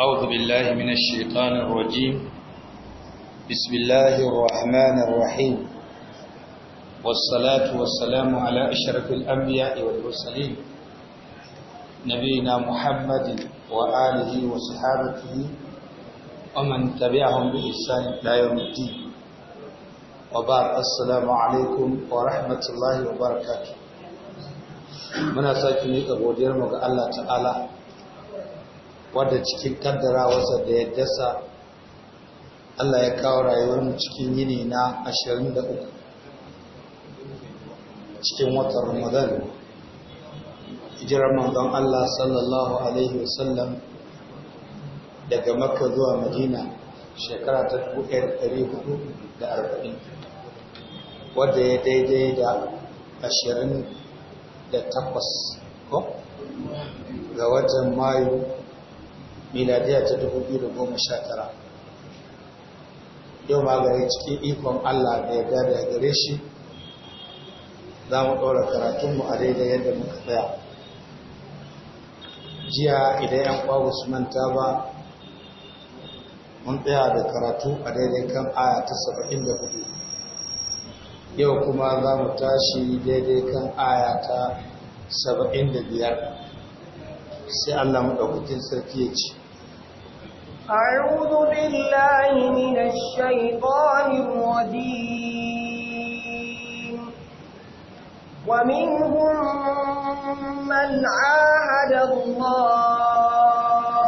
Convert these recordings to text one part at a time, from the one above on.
أعوذ بالله من الشيطان الرجيم بسم الله الرحمن الرحيم والصلاة والسلام على أشرف الأنبياء والمرسلين نبينا محمد وآله وصحابته ومن تبعهم بإحسان إلى يوم الدين وبعد السلام عليكم ورحمة الله وبركاته muna sake miƙa godiyar mu ga Allah ta'ala wadda cikin kaddarawarsa da ya dasa Allah ya kawo rayuwarmu cikin yini na 23 cikin watan Ramadan hijirar manzon Allah sallallahu alaihi wasallam daga Makka zuwa Madina shekara ta 1440 wadda ya daidai da 28 ko ga watan Mayu miladiya ta 2019 yau ma gare cikin ikon Allah da ya gada gare shi za mu ɗora karatunmu a daidai yadda muka tsaya jiya idan yan kwago su manta ba mun tsaya da karatu a daidai kan aya ta 74 yau kuma za mu tashi daidai kan aya ta biyar. sai Allah mu ɗaukutin sarki ya ce أعوذ بالله من الشيطان الرجيم ومنهم من عاهد الله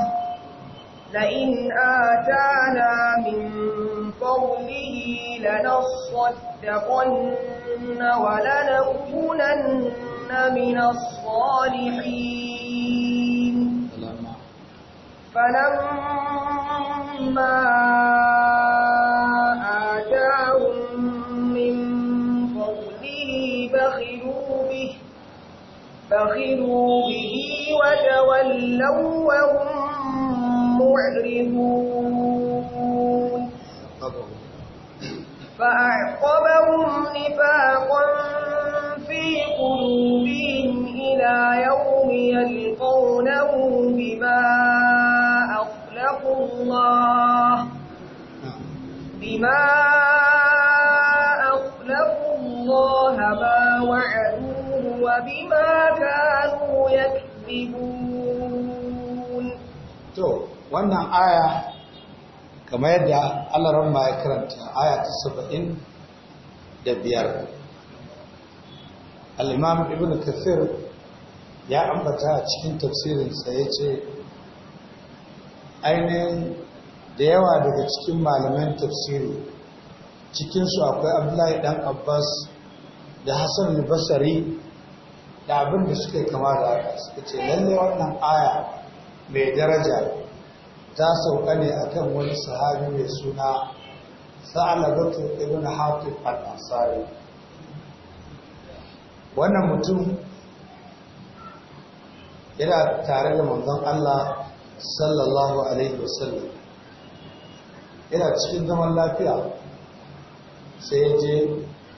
لئن آتانا من فضله لنصدقن ولنكونن من الصالحين فلما ما آتاهم من فضله بخلوا به بخلوا به وتولوا وهم معرضون فأعقبهم نفاقا في قلوبهم إلى يوم يلقونه بما اتقوا الله بما أخلقوا الله ما وعدوه وبما كانوا يكذبون تو wannan aya kamar yadda Allah ramma ya karanta aya ta 70 da biyar al-imam ibn kathir ya ambata a cikin tafsirinsa yace ainihin da yawa daga cikin malaman tafsiri cikinsu akwai abdullahi dan abbas da hassan basari da abin da suka kama da haka suka ce lalle wannan aya mai daraja ta sauka ne kan wani sahabi mai suna sa'alabatu ibn hafif al-ansari wannan mutum yana tare da manzon Allah sallallahu alaihi wasallam ina cikin zaman lafiya sai ya je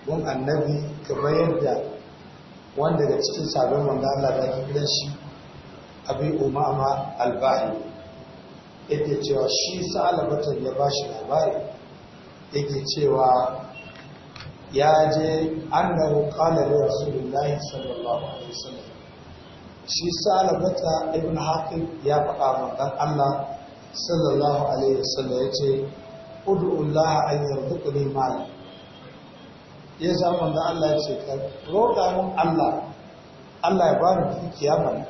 gun annabi kamar yadda wanda daga cikin sabon wanda Allah ta ki gidan shi abin umama albani yake cewa shi sa'alabatan ya ba shi labari yake cewa ya je annahu qala li rasulillahi sallallahu alaihi wasallam shi salabata ibn hakim ya faɗa manzon Allah sallallahu alaihi wasallam ce, ud'ullah an yarzuqni mal ya sa manzon Allah ya ce ka roƙa min Allah Allah ya bani dukiya mana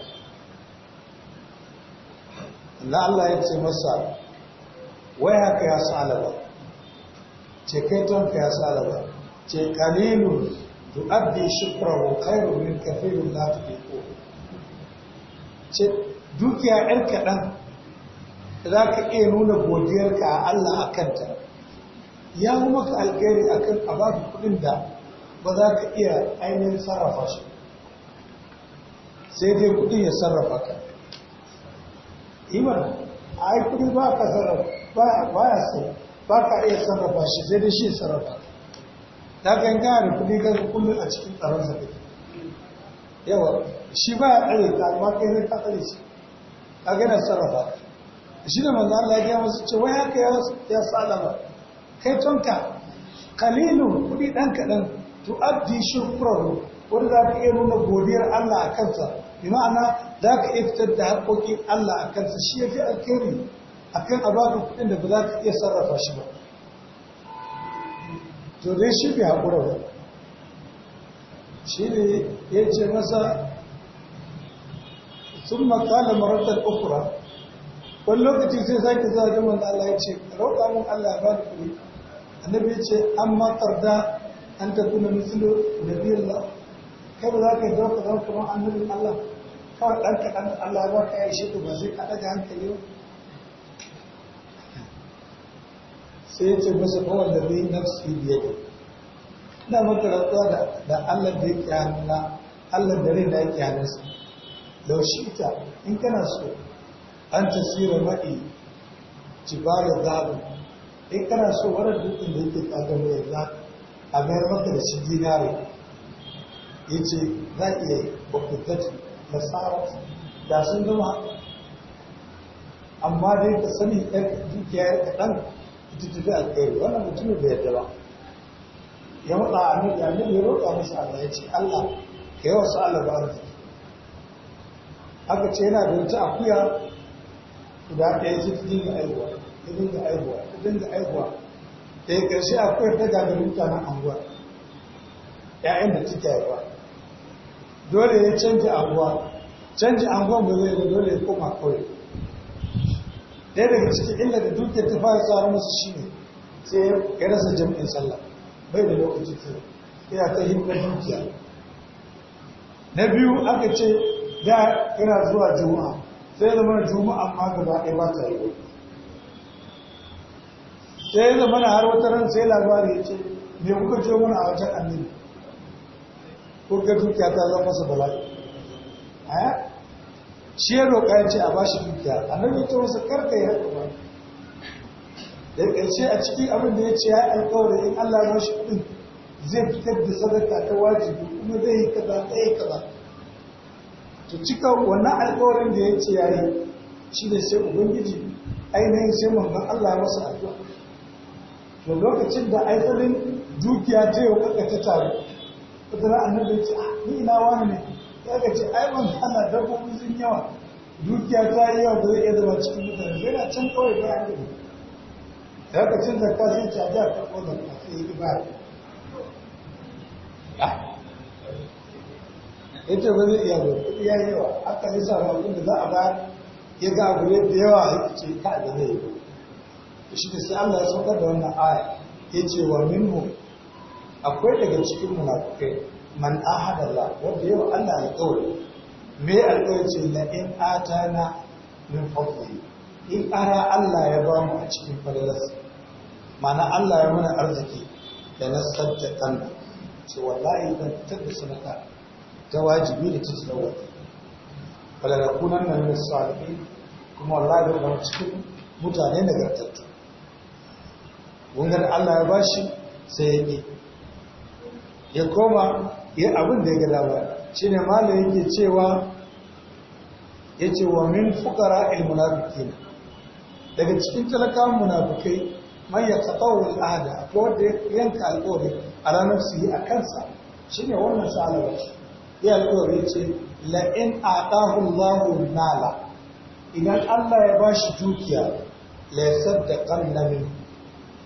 Allah Allah ce masa wai haka ya salaba ce kai ton ka ya salaba ce qalilun tu'addi shukrahu khairun min kafirin la tu'addi ce dukiya ɗan kaɗan za ka iya nuna godiyarka a Allah a kanta ya yi maka alkhairi a kan a baka kuɗin da ba za ka iya ainihin sarrafa shi sai dai kuɗin ya sarrafa ka imar a yi kuɗi ba ka sarrafa ba ya sai ba ka iya sarrafa shi sai dai shi sarrafa ka ta ganga da kuɗi kan kullum a cikin tsaron sa yawa shi ba ya tsare ka kai sai ka tsare shi a gina sarrafa shi da manzan Allah masu ce wai haka ya ya salama kai tonka kalilu kudi dan kaɗan to abdi wanda za ka iya nuna godiyar Allah a kansa bi ma'ana za ka iya fitar da haƙoƙin Allah a kansa shi ya fi alkhairi akan a baka kuɗin da ba za ka iya sarrafa shi ba to dai shi haƙura ba shi ne ya ce masa ثم قال مرة أخرى wani lokaci sai sake zuwa ga manzo Allah ya ce roƙa mun Allah ya bada kuɗi annabi ya ce an matar da an ta kuna mislu nabiyullah kai ba za ka zo ka zama kuma annabin Allah kawai ɗan kaɗan Allah ya baka ya shi ba sai ka ɗaga hankali ba sai ya ce masa kawai da zai nafsi da da Allah da ya da rai sa lau shi ita in kana so an tasira maɗi jibayar zaɓi in kana so wani dukkan da yake tsagar ya za a mayar maka da shi dinari ya ce za iya bakwatati na tsarar da sun gama amma dai ka sani dukiya ya kaɗan ita tafi kai wannan mutumin bai yadda ba ya matsa a nan ya ya roƙa masa Allah ya ce Allah ka yi sa Allah ba aka ce yana da wata akuya guda ɗaya ce ta dinga aihuwa ta dinga aihuwa ta dinga aihuwa daga ƙarshe akuyar ta gagari mutanen anguwa ‘ya'yan da take haifa dole ya canji anguwa canji anguwa ba zai ba dole ya koma kawai ɗaya daga cikin illa da dukiyar ta fara tsara musu shi ne sai ya rasa jam'in sallah bai da lokaci ke yana ta himma dukiya na biyu aka ce da ina zuwa juma'a sai zama juma'a ma gaba ɗaya ba ta yi sai zama na har wata ran sai labari ya ce me kuka ce mana a wajen annabi ko ka dukiya ta zama masa bala'i shi ya roƙa ya ce a ba shi dukiya annabi ta wasu karka ya haɗu ba da ƙarshe a cikin abin da ya ce ya alƙawarin in Allah ya shi kuɗin zai fitar da sadaka ta wajibi kuma zai yi kaza ɗaya kaza to cika wannan alkawarin da ya ce ya yi shi ne sai ubangiji ainihin sai manzon Allah ya masa addu'a to lokacin da ainihin dukiya ta yau kaka ta taru kudura annabi ya ce ah ni ina wani ne ya ga ce ai ban ana dabbobi sun yawa dukiya ta yi yawa da zai iya zama cikin mutane Sai na can kawai ba ya ah, gudu da haka cin zakka sai ce a jihar karɓar ka sai yi ba ita ba zai iya bai kuɗi ya yi yawa aka yi sa abin da za a ba ya ga abu ne da yawa ya ce ka da zai yi shi da sai Allah ya saukar da wannan aya ya ce wa minhu akwai daga cikin munafukai man ahada Allah wanda yawa Allah ya kawai me alƙawari ce la in atana min fadli in ara Allah ya ba mu a cikin falalarsa ma'ana Allah ya mana arziki da na sadda kanna ce wallahi ban tattar da sanata ta wajibi da ta tsawo falalakunan nan da salihi kuma Allah ya kuma cikin mutane nagartattu wanda Allah ya bashi sai ya ya koma ya abin da ya ga dama shine malam yake cewa ce wa min fukara fuqara al na daga cikin talakawan munafikai man ya taqawwa wani ahda ko da yanka a ranar su yi a kansa shine wannan salawati ya alƙawari ce la'in ɗahun Allahu nala idan Allah ya ba shi dukiya da saddaqan min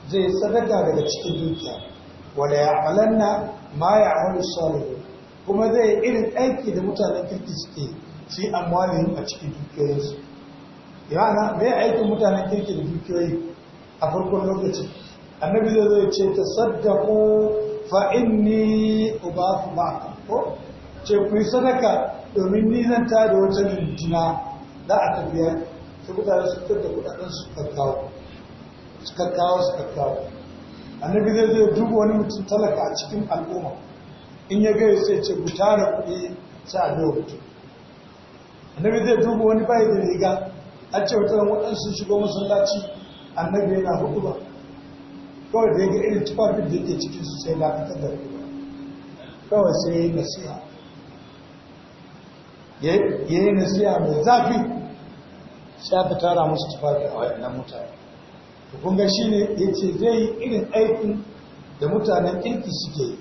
zai sadaka daga cikin dukiya wala ya'malanna ma ya'malu sauri kuma zai irin aiki da mutanen kirki suke fi amwalihim a cikin dukiyoyinsu yana mai aikin mutanen kirki da dukiyoyi a farkon lokaci annabi zai ce ta saddaku fa inni ubafu ba ko ce ku yi sadaka domin nizanta da wata rundunar za a tafiya su kuta da fitar da kudaden su kakkawo su kakkawo su kakkawo annabi zai zai duba wani mutum talaka a cikin al'umma in ya gaya sai ce ku tara kuɗi sai a biya mutum annabi zai duba wani bayi da riga a ce wata ran waɗansu shigo masallaci annabi yana hudu ba kawai da ya ga irin tufafin da yake cikin su sai dakatar da riga kawai sai ya yi nasiha ya yi nasiya mai zafi sai aka tara musu tufafi a waɗannan mutane to kun ga shi ne ya ce zai yi irin aikin da mutanen kirki suke yi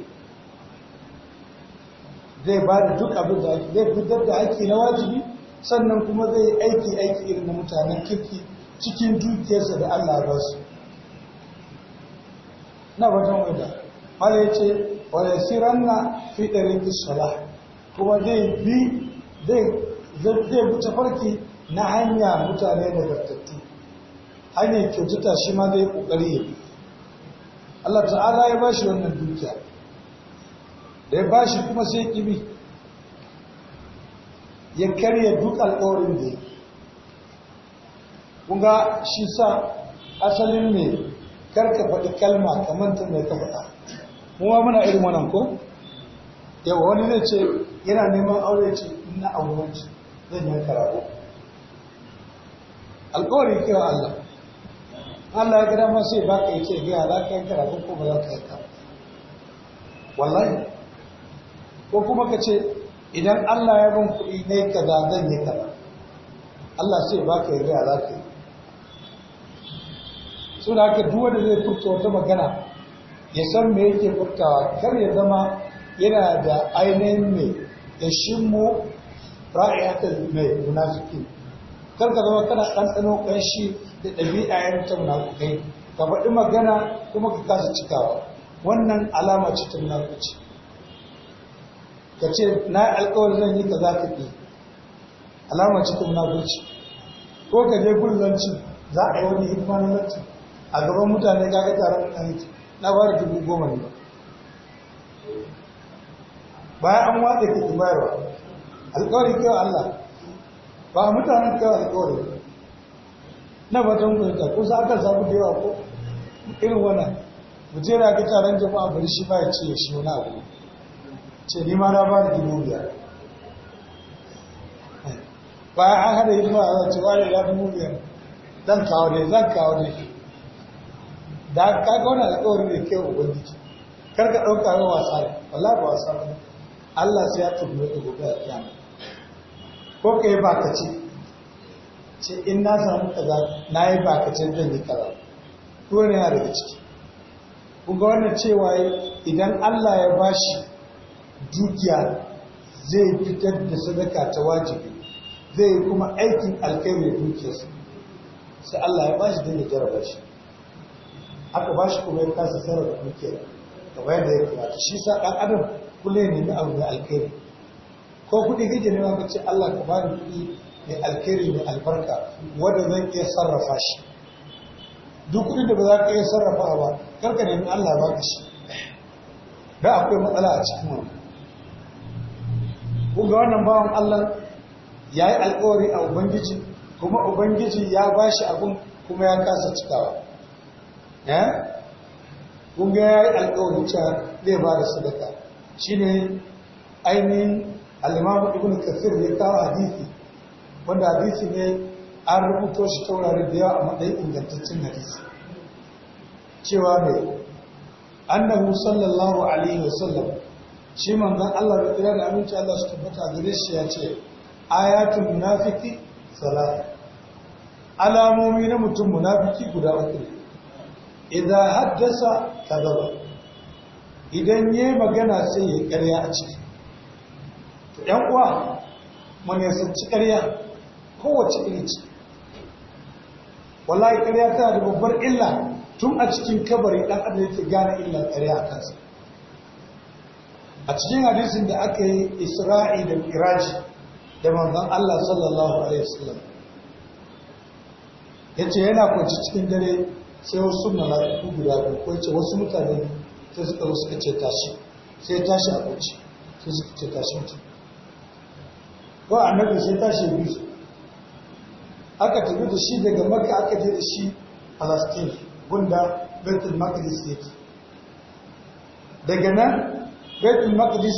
zai ba da duk abin da ake zai fitar da aiki na wajibi sannan kuma zai yi aiki aiki irin na mutanen kirki cikin dukiyarsa da Allah ba su na wajen wada mala ya ce wa yasiranna fi ɗarin kuma zai bi zai buta farki na hanya mutane da nagartattu hanyar kyautata shi ma zai kokari ya bi Allah ta'ala ya bashi wannan dukiya da ya bashi kuma sai kibi ya karya duk alƙawarin da ya kunga shi sa asalin ne karka faɗi kalma kamar ta mai ka faɗa mu ma muna irin wannan ko yawa wani zai ce yana neman aure ce in na auwanci zan yanka rago alkawari wa Allah Allah ya gada ma sai baka ka yake gaya za ka yanka rago ko ba za ka karabo wallahi ko kuma ka ce idan Allah ya bin kuɗi ne kaza zan yi kaza Allah sai ba ka gaya za ka yi so da haka duwa da zai furta wata magana ya san me yake furtawa kar ya zama yana da ainihin mai ya shimmo ta mai munafiki kar ka zama kana ɗanɗano ƙanshi da ɗabi'a ta munafikai ka faɗi magana kuma ka kasa cikawa wannan alama ce ta munafici ka ce na yi alƙawarin zan yi ka za ka ƙi alama ce ta munafici ko ka je gullanci za a yi wani hikima na lanci a gaban mutane ka ga taron ɗanki na ba da dubu goma ne bayan an watsa ka ki bayarwa alƙawari kawai Allah ba mutanen kawai alkawari na batun kuta ko sa aka samu da yawa ko irin wannan mutum yana ga taron jama'a bari shi ba ya ce ya shi wani abu ce ni ma na ba da dubu biyar bayan an hada hidima a zace wani ya dubu biyar zan kawo ne zan kawo ne da ka ga wani alkawari ne kai ubangiji kar ka ɗauka ga wasa ne wallahi ba wasa ba Allah sai ya da gobe a kiyama ko ka yi bakaci ce in na samu kaza na yi bakacin zan yi kaza ko ne yana daga ciki Kuma ga wannan cewa idan Allah ya bashi dukiya zai fitar da sadaka ta wajibi zai kuma aikin alkhairi da dukiyarsa sai Allah ya bashi don ya shi aka bashi kuma ya kasa sarrafa dukiyar kamar yadda ya kamata shi sa ɗan adam kullum ne na abu da alkhairi ko kuɗi kake nema ka ce Allah ka bani kuɗi mai alkhairi mai albarka wanda zan iya sarrafa shi duk kudi da ba za ka iya sarrafa ba karka ka nemi Allah ba ka shi da akwai matsala a cikin wannan kun wannan bawan Allah ya yi alkawari a ubangiji kuma ubangiji ya ba shi abin kuma ya kasa cikawa eh? kun ga ya yi alkawari cewa zai ba da sadaka ne ainihin al-imam ibn kathir ya kawo hadisi wanda hadisi ne an rubuto shi ta wurare da yawa a matsayin ingantaccen hadisi cewa ne annabi sallallahu alaihi wasallam shi manzon Allah da kira da aminci Allah su tabbata gare shi ya ce ayatul munafiki salat alamomi na mutum munafiki guda uku idza haddasa kadaba idan yayi magana sai ya karya a ciki ‘yan uwa ci ƙarya kowace iri ce wallahi ƙarya tana da babbar illa tun a cikin kabari ɗan adam yake gane illa ƙarya a kansa a cikin hadisin da aka yi isra'i da miraji da manzan Allah sallallahu alaihi wasallam ce yana kwanci cikin dare sai wasu mala'iku guda biyu ko ce wasu mutane sai suka zo suka ce tashi sai tashi a kwanci sai suka ce tashi mutum ba annabi sai tashi bi su aka tafi da shi daga makka aka je da shi palestine gunda baitul maqdis yake daga nan baitul maqdis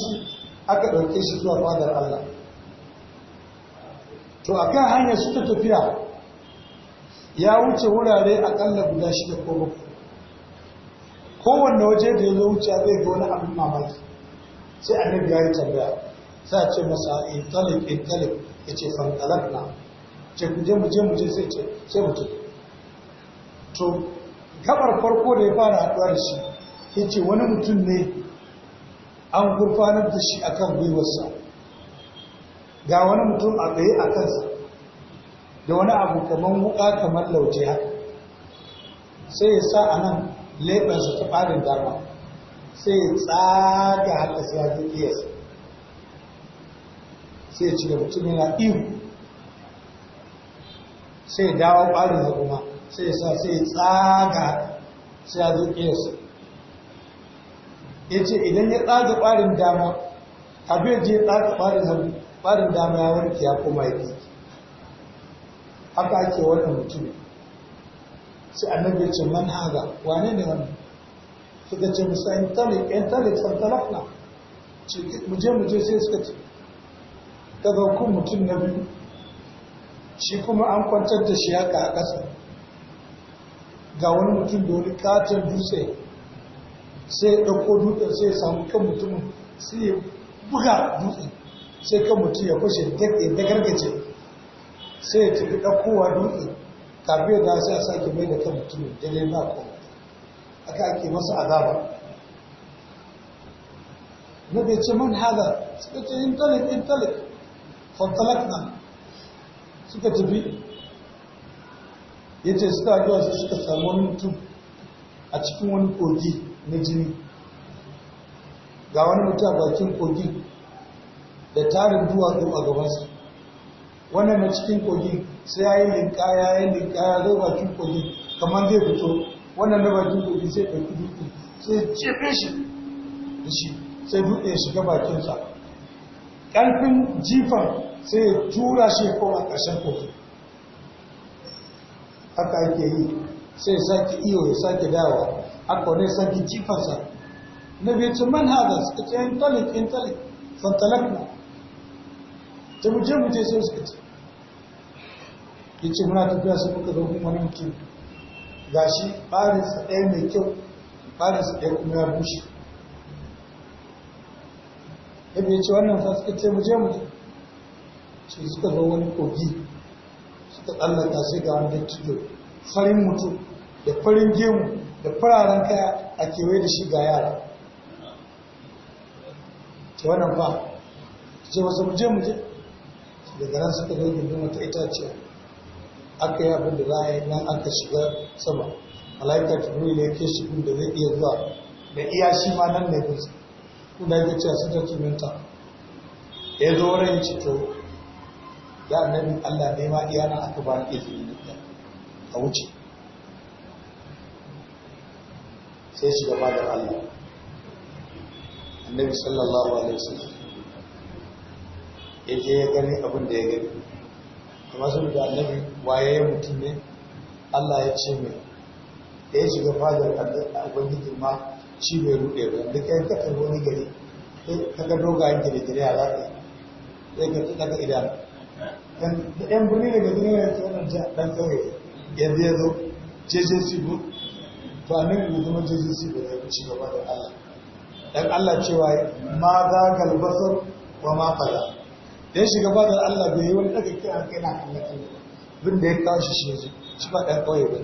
aka ɗauke shi zuwa fadar Allah to akan hanyar su ta tafiya ya wuce wurare akalla guda shida ko bakwai kowanne waje da ya zo wuce zai ga wani abin mamaki sai annabi ya yi tambaya sai a ce masa in eh, tali eh, ya ce fantalab na ce kuje mu je mu je sai ce sai mu tafi to gabar farko da ya fara haɗuwa da shi ya ce wani mutum ne an gurfanar da shi akan gwiwarsa ga wani mutum a tsaye a kansa da wani abu kamar wuka kamar lauje haka sai ya sa a nan leɓensa ta ɓarin dama sai ya tsaga haka sai ya ƙiyarsa sai ya ci da tun yana ihu sai ya dawo ɓarin da kuma sai ya sa sai ya tsaga sai ya zo ƙiyarsa ya ce idan ya tsaga ɓarin dama abin ya tsaga ɓarin dama ya warke ya koma ya ƙi haka ake wannan mutum sai annabi ya ce man haga wane ne wannan suka ce musa in talik in talik san talakna mu je mu je sai suka ce ta ɗauki mutum na biyu shi kuma an kwantar da shi haka a ƙasa ga wani mutum da wani katon dutse sai ya ɗauko dutsen sai ya samu kan mutumin sai ya buga dutse sai kan mutum ya fashe da gargaje sai ya tafi ɗaukowa dutse kafin da sai a sake mai da kan mutum da ne ba ko aka ake masa azaba na bai ce man hada suka ce intalik intalik fantalakna suka tafi ya ce suka haɗuwa sai suka samu wani mutum a cikin wani kogi na jini ga wani mutum a bakin kogin da tarin duwatsu a gabansa wannan na cikin kogin sai ya yi linka ya yi ya zo bakin kogin kamar zai fito wannan na bakin kogin sai ɗauki dutse sai jefe shi da shi sai dutse ya shiga bakinsa ƙarfin jifan sai jura shi kuma ƙarshen kotu haka ake yi sai sake iyo ya sake dawa haka wani sake jifansa na biyu ce man haza suka ce yan talik yan talik fantalak na ta muje muje sai suka ce ya ce muna tafiya sai muka zo kuma mutum ga shi ɓarinsa ɗaya mai kyau ɓarinsa ɗaya kuma ya bushe ya ya ce wannan fasika ce muje muje sai suka zo wani kogi suka tsallaka sai ga wani dattijo farin mutum da farin gemu da fararen kaya a kewaye da shi ga yara ta wannan ba ce wasu muje muje daga nan suka zo gindin wata itaciya aka yi abin da za a yi nan aka shiga sama malaika da ya ke shi da zai iya zuwa da iya shi ma nan ne gunsa kuna ga cewa sun ta ya zo wurin ci to ya nabi Allah ne ma iya nan aka ba izini a wuce sai shiga da Allah annabi sallallahu alaihi wasallam ya je ya gani abin da ya gani amma sun da annabi waye mutum ne Allah ya ce mai da ya shiga fadar ubangiji ma shi bai rude ba da kai kakar wani gari ka ga dogayen gire-gire a zaɓe zai ka tsaka idan yan birni daga duniya ta wannan dan kawai yanzu ya zo jjc bu to a nan da zama jjc bu ya ci gaba da allah dan allah cewa ma za galbasar wa ma fada ya shiga ba da allah bai yi wani daga kira kai na hannun bin da ya kawo shi shi shi ba ɗan kawai ba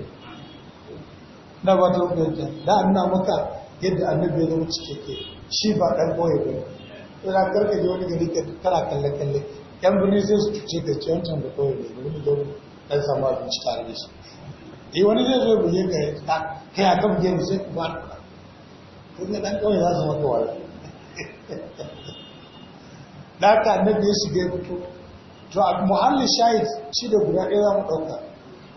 na ba ta hukunta da an na maka yadda annabi ya zama cikakke shi ba ɗan kawai ba to na karkaje wani gari kana kalle kalle ƙyan birni sai su cuce da ce can da kawai da wani don ɗan samu abinci tare da shi eh wani zai zo buje ka yi ta kai a kan buje sai kuma ba ka kun ga ɗan kawai za su mata wala da haka annabi ya shiga ya fito to a muhalli shayi shi da guda ɗaya za mu ɗauka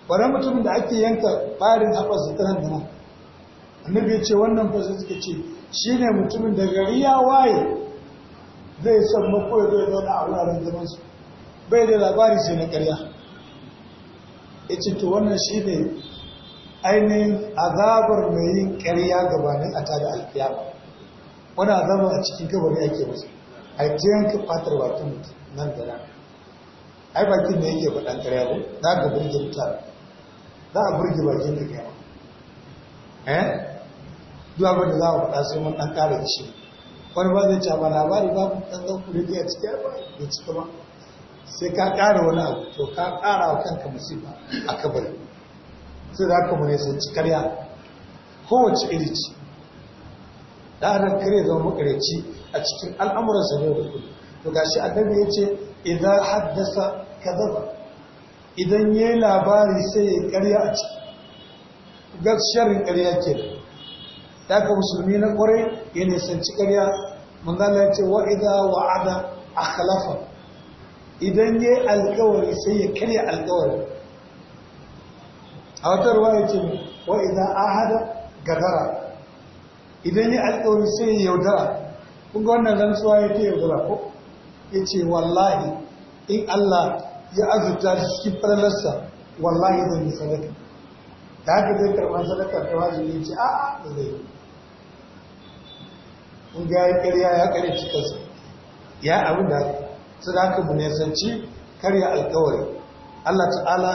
bare mutumin da ake yanka bayarin haɓarsa ta nan da annabi ya ce wannan fasa suka ce shi ne mutumin da gari ya waye zai san mako ya zai zauna a wuraren zamansu su bai da labari sai na karya ya ce to wannan shi ne ainihin azabar mai yin karya gabanin a tada alkiyama wani azaba a cikin gabari ake masa a jiyan ka fatar bakin mutum nan da nan ai bakin da yake faɗan karya ba za ka burge mutane za a burge bakin da kyama eh duk abin da za a faɗa sai mun ɗan ƙara da shi farba zai caba labari ba babu ɗanɗan kurege a cikin ba da cika ba sai ka ƙara wani abu to ka ƙara wa kanka musifa a kabari sai za ka mune sun ci karya kowace iri ce ɗaran kare zama makareci a cikin al'amuransa ne da kudu to ga shi a annabi ya ce idan haddasa kazaba idan ya yi labari sai ya karya a ciki ga sharrin karya ke da ka musulmi na kwarai yana nisanci ƙarya manzala ya ce wa idza wa'ada khalafa idan ya alƙawari sai ya karya alƙawari a wata ruwa ya ce wa idza ahada gadara idan ya alƙawari sai ya yaudara kun ga wannan rantsuwa ya ta yaudara ko ya ce wallahi in Allah ya azurta shi cikin falalarsa wallahi zai yi sadaka da haka zai karɓar sadaka ta wajen ya ce a'a da zai yi in ga ya karya ya karya cikinsa ya abu da su da aka bunesanci karya alkawari Allah ta'ala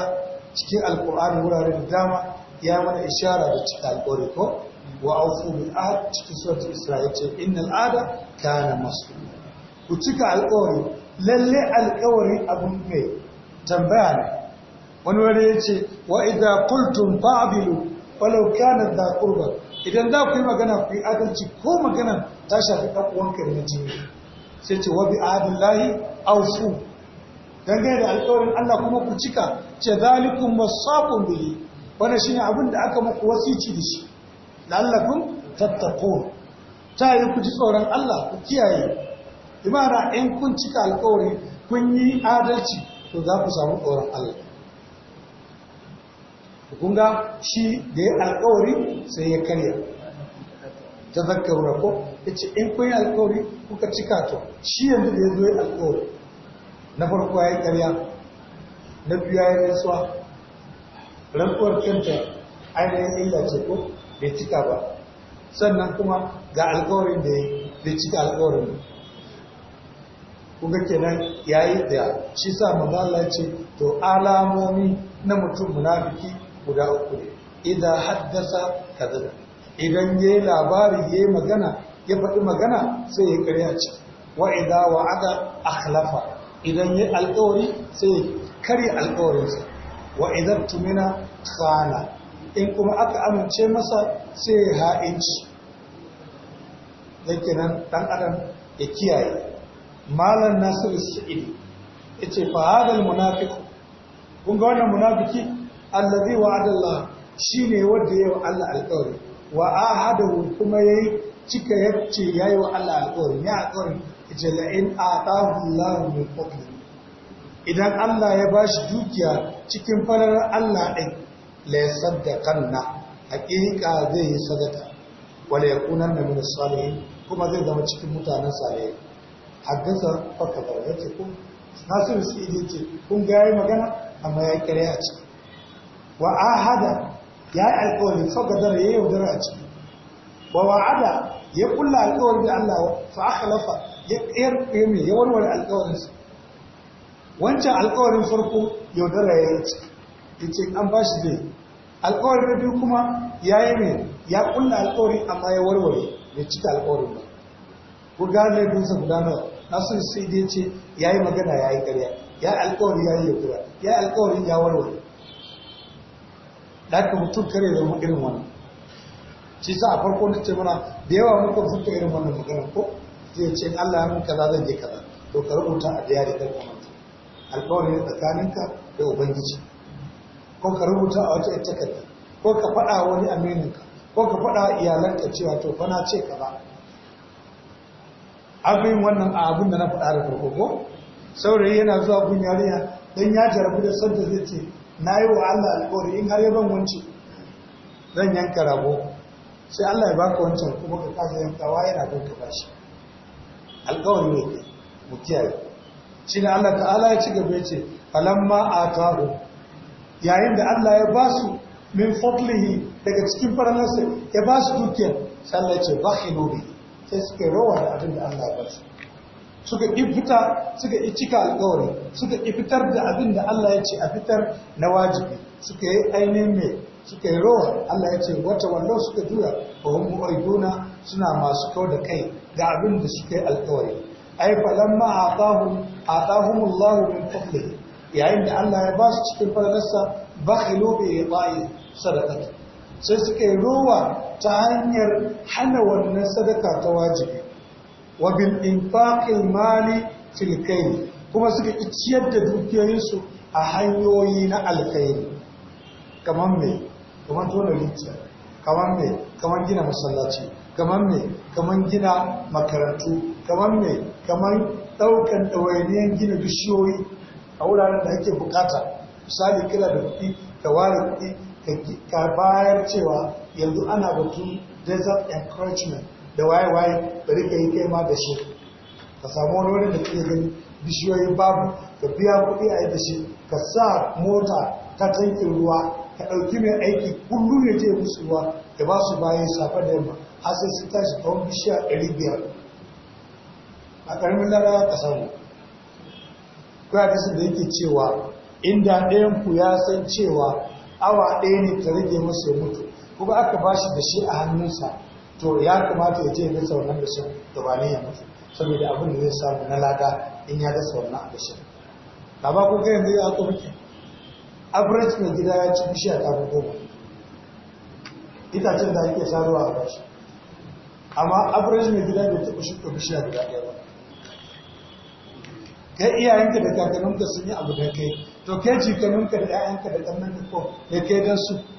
cikin alkur'ani wurare da dama ya mana ishara da cikin alkawari ko wa aufu bil ahd cikin suratul isra'il ce al'ada kana masu. ku cika alkawari lalle alkawari abu mai tambaya ne wani wani ya ce wa idza qultum walau kana da qurba idan za ku yi magana ku yi adalci ko magana ta shafi ɗan uwanka da sai ce wabi adillahi aufu dangane da alƙawarin Allah kuma ku cika ce zalikum biyu bihi shi shine abin da aka muku wasici da shi da Allah kun tattako ta yi ku ji tsoron Allah ku kiyaye imara in kun cika alƙawari kun yi adalci to za ku samu tsoron Allah Kunga shi da ya alkawari sai ya karya ta zakarwa ko ya ce in kun yi alkawari kuka cika to shi yanzu da ya zo ya alkawari na farko ya yi karya na biya ya yi suwa rantsuwar kenta ainihin illa ce ko bai cika ba sannan kuma ga alkawarin da ya bai cika alkawarin kuka kuga kenan yayi da shi sa manzo Allah ce to alamomi na mutum munafiki guda uku ne idan haddasa kadada idan ya yi labari ya yi magana ya faɗi magana sai ya karya ce wa idan wa'ada akhlafa idan ya alƙawari sai ya karya alƙawarinsa wa idan tumina khana in kuma aka amince masa sai ya ha'inci yake nan ɗan adam ya kiyaye malam nasiru sa'idi ya ce fa hadal munafiq kun ga wannan munafiki allazi wa'ada Allah shine wanda yayi wa Allah alƙawari wa ahadahu kuma yayi cika yace yayi wa Allah alƙawari ne alƙawari in atahu Allah min fadli idan Allah ya bashi dukiya cikin falalar Allah din la yasaddaqanna haqiqa zai yi sadaka la yakuna min as-salihin kuma zai zama cikin mutanen salihin haddasa fakada yace ko nasiru su yace kun ga yayi magana amma ya kire a wa ahada ya yi alkawari fagadar ya yaudara a ciki wa wa'ada ya kulla alkawari da Allah fa akhlafa ya yarfe mai ya warware alkawarinsa wancan alkawarin farko yaudara ya yi ciki ya ce an ba shi bai alkawarin na biyu kuma ya yi mai ya kulla alkawari amma ya warware ya cika alkawarin ba ku gane dusa gudanar nasu sai dai ce ya yi magana ya yi karya ya alkawari ya yi yaudara ya alkawari ya warware da aka mutum kare zama irin wannan shi sa a farko da ce mana da yawa muka zuka irin wannan magana ko zai ce Allah ya muka kaza zan je kaza to ka rubuta a biya da kanka manta alƙawari ne tsakaninka da ubangiji ko ka rubuta a wata takarda ko ka faɗa wani aminanka, ko ka faɗa iyalanka cewa to fa na ce kaza abin wannan abin da na faɗa da farko ko saurayi yana zuwa gun yarinya dan ya jarabu da sanda zai ce na yi wa Allah alƙawari in har ya ban wanci zan yanka rago sai Allah ya baka wancan kuma ka kasa yanka wa yana don ka bashi alƙawari ne ke mu shi ne Allah ta'ala ya ci gaba ya ce falamma taro yayin da Allah ya ba su min fadlihi daga cikin faranarsa ya ba su dukiyar sai Allah ya ce bakhilu sai suka rawa da abin da Allah ya ba su suka ifita suka cika alƙawari suka ifitar da abin da Allah ya ce a fitar na wajibi suka yi ainihin mai suka yi rowa Allah ya ce wata wallo suka juya ba wani suna masu kyau da kai ga abin da suka yi alƙawari ai falamma atahu atahumullahu min fadlihi yayin da Allah ya ba su cikin falalarsa bakhilu ya ida'i sadaka sai suka yi rowa ta hanyar hana wannan sadaka ta wajibi wa bil infaqil mali tilkain kuma suka ciyar da dukiyoyinsu a hanyoyi na alkhairi kamar me kamar tona rijiya kamar me kamar gina masallaci kamar me kamar gina makarantu kamar me kamar daukan ɗawainiyar gina bishiyoyi a wuraren da ake bukata misali kira da kuɗi da ware ka bayar cewa yanzu ana batun desert encroachment. da waye waye bari ka yi kai ma da shi ka samu wani da ke gani bishiyoyi babu ka biya kuɗi a yi da shi ka sa mota ta tankin ruwa ka ɗauki mai aiki kullum ya je musu ruwa ya ba su bayan safa da yamma har sai sun tashi tsawon bishiya ɗari biyar a ƙaramin larawa ka samu ko ya da yake cewa inda ɗayan ku ya san cewa awa ɗaya ne ta rage masa ya mutu kuma aka ba shi da shi a hannunsa to ya kamata ya ce ya gasa wannan da shan gabanin ya mutu saboda abin da zai samu na lada in ya gasa wannan da shan ba ba ku kai yanzu ya ko muke average mai gida ya ci bishiya ta fi goma ce da ake saruwa a bashi amma average mai gida bai taɓa shuka bishiya da ɗaya ba kai iyayenka da kakanninka sun yi abu da kai to kai jikaninka da 'ya'yanka da ɗannanka ko da kai don su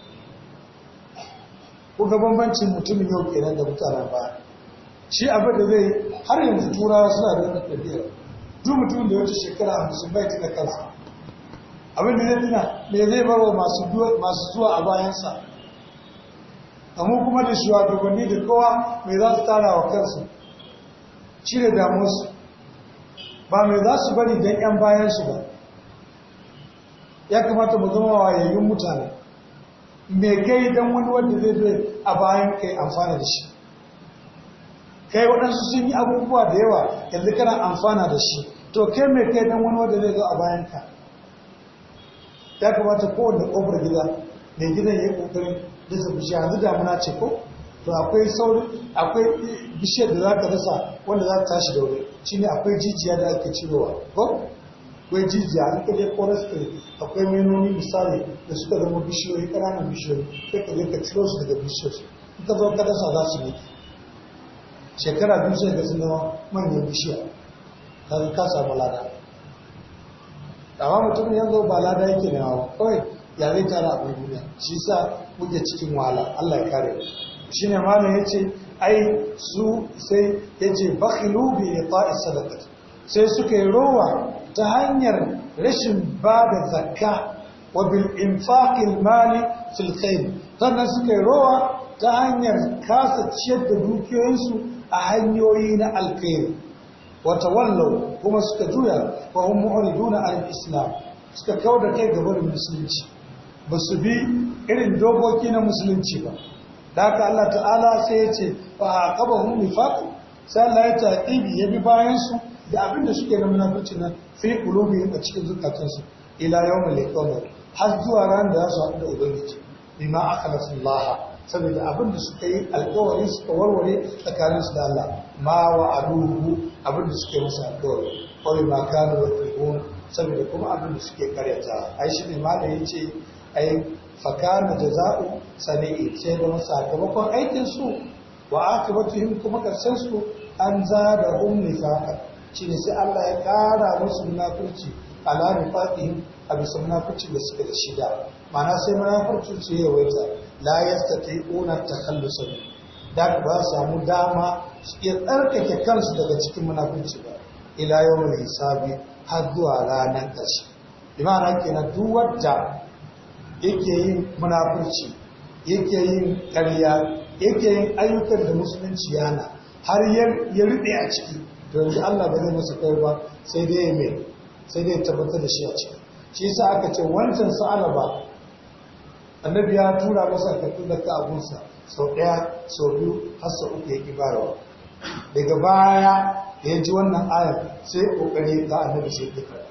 kuga bambancin mutumin yau kenan da mutanen ba shi abin da zai har yanzu turawa suna da wannan tafiya duk mutumin da wata shekara shekara musu bai tuna kansa abin da zai tuna me zai bar wa masu zuwa a bayansa amma kuma da dogonni da kowa mai za su tara wa kansu cire damuwarsu ba mai za su bari don 'yan bayansu ba ya kamata mu zama wayayyun mutane me kai don wani wanda zai zai a bayan kai amfana da shi kai waɗansu sun yi abubuwa da yawa yanzu kana amfana da shi to kai me kai don wani wanda zai zo a bayan ka ya kamata kowane ƙofar gida mai gidan ya yi ƙoƙarin su bishiya yanzu damuna ce ko to akwai sauri, akwai bishiyar da za ka rasa wanda za ta tashi da wuri shine akwai jijiya da ake cirowa ko akwai jijiya an kaje forest tree akwai menoni misali da suka zama bishiyoyi ƙananan bishiyoyi sai ka je ka ciro su daga bishiyoyi in ka zo ka dasa za su mutu shekara biyu sai ka sun manyan bishiya ka ka samu lada amma mutum yanzu ba yake da hawa kawai ya zai tara abin duniya shi sa muke cikin wahala Allah ya kare shi ne malam ya ce ai su sai ya ce bakhilu ya ita'i sadaqati sai suka yi rowa ta hanyar rashin ba da zakka wa bil infaqil mali fil khair sannan suka yi rowa ta hanyar kasa ciyar da dukiyoyinsu a hanyoyi na alkairi wa tawallau kuma suka juya wa hum mu'riduna islam suka kauda kai gaba da musulunci ba su bi irin dokoki na musulunci ba da haka Allah ta'ala sai ya ce fa aqabahum nifaq sai Allah ya taqibi ya bi bayansu da abin da suke na munafurci nan fi kulubi a cikin zukatansu ila mai yaqamah har zuwa ran da za su haɗu da ubangiji nasu laha saboda abin da suka yi su suka warware tsakanin su da Allah ma wa aduhu abin da suke masa alkawari kawai ma kano da tribun saboda kuma abin da suke karyata ai shi ne ma da yace ai fakana jaza'u sami'i sai da sakamakon aikin su wa akibatuhum kuma karshen su an da hum nifaqa ne sai Allah ya ƙara musu munafurci a ala faɗi a bisa munafurci da suka da shida Mana sai munafurci su ya waita la yastati'una takhallusa da ba samu dama su iya tsarkake kansu daga cikin munafurci ba ila yawon hisabi har zuwa ranar ƙarshe imana kenan duk wadda yake yin munafurci yake yin ƙarya yake yin ayyukan da musulunci yana har ya rube a ciki yanzu Allah ba zai musu kai ba sai dai ya mai sai dai tabbatar da shi a ciki shi yasa aka ce wancan sa'ala ba annabi ya tura masa ka tura ka abunsa sau ɗaya sau biyu har sau uku ya kibarawa daga baya da ya ji wannan ayar sai kokari da annabi sai ya karɓa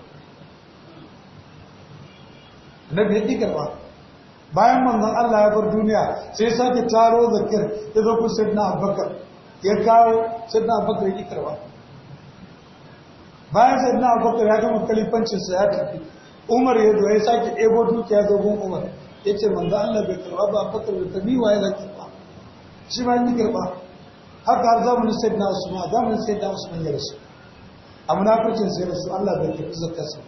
annabi ya ƙi karɓa bayan manzon Allah ya bar duniya sai sake taro zakir ya zo sai na abubakar ya kawo sai na abubakar ya ƙi karɓa bayan sai na abubakar ya gama kalifancinsa ya tafi umar ya zuwa ya sake ɗebo dukiya dogon umar ya ce manzo Allah bai karɓa ba abubakar bai tabi wa ya zai ba. shi ma yi karɓa haka har zamanin sai na ma zamanin sai na su ya rasu a munafurcin sai rasu Allah bai karɓi zakarsa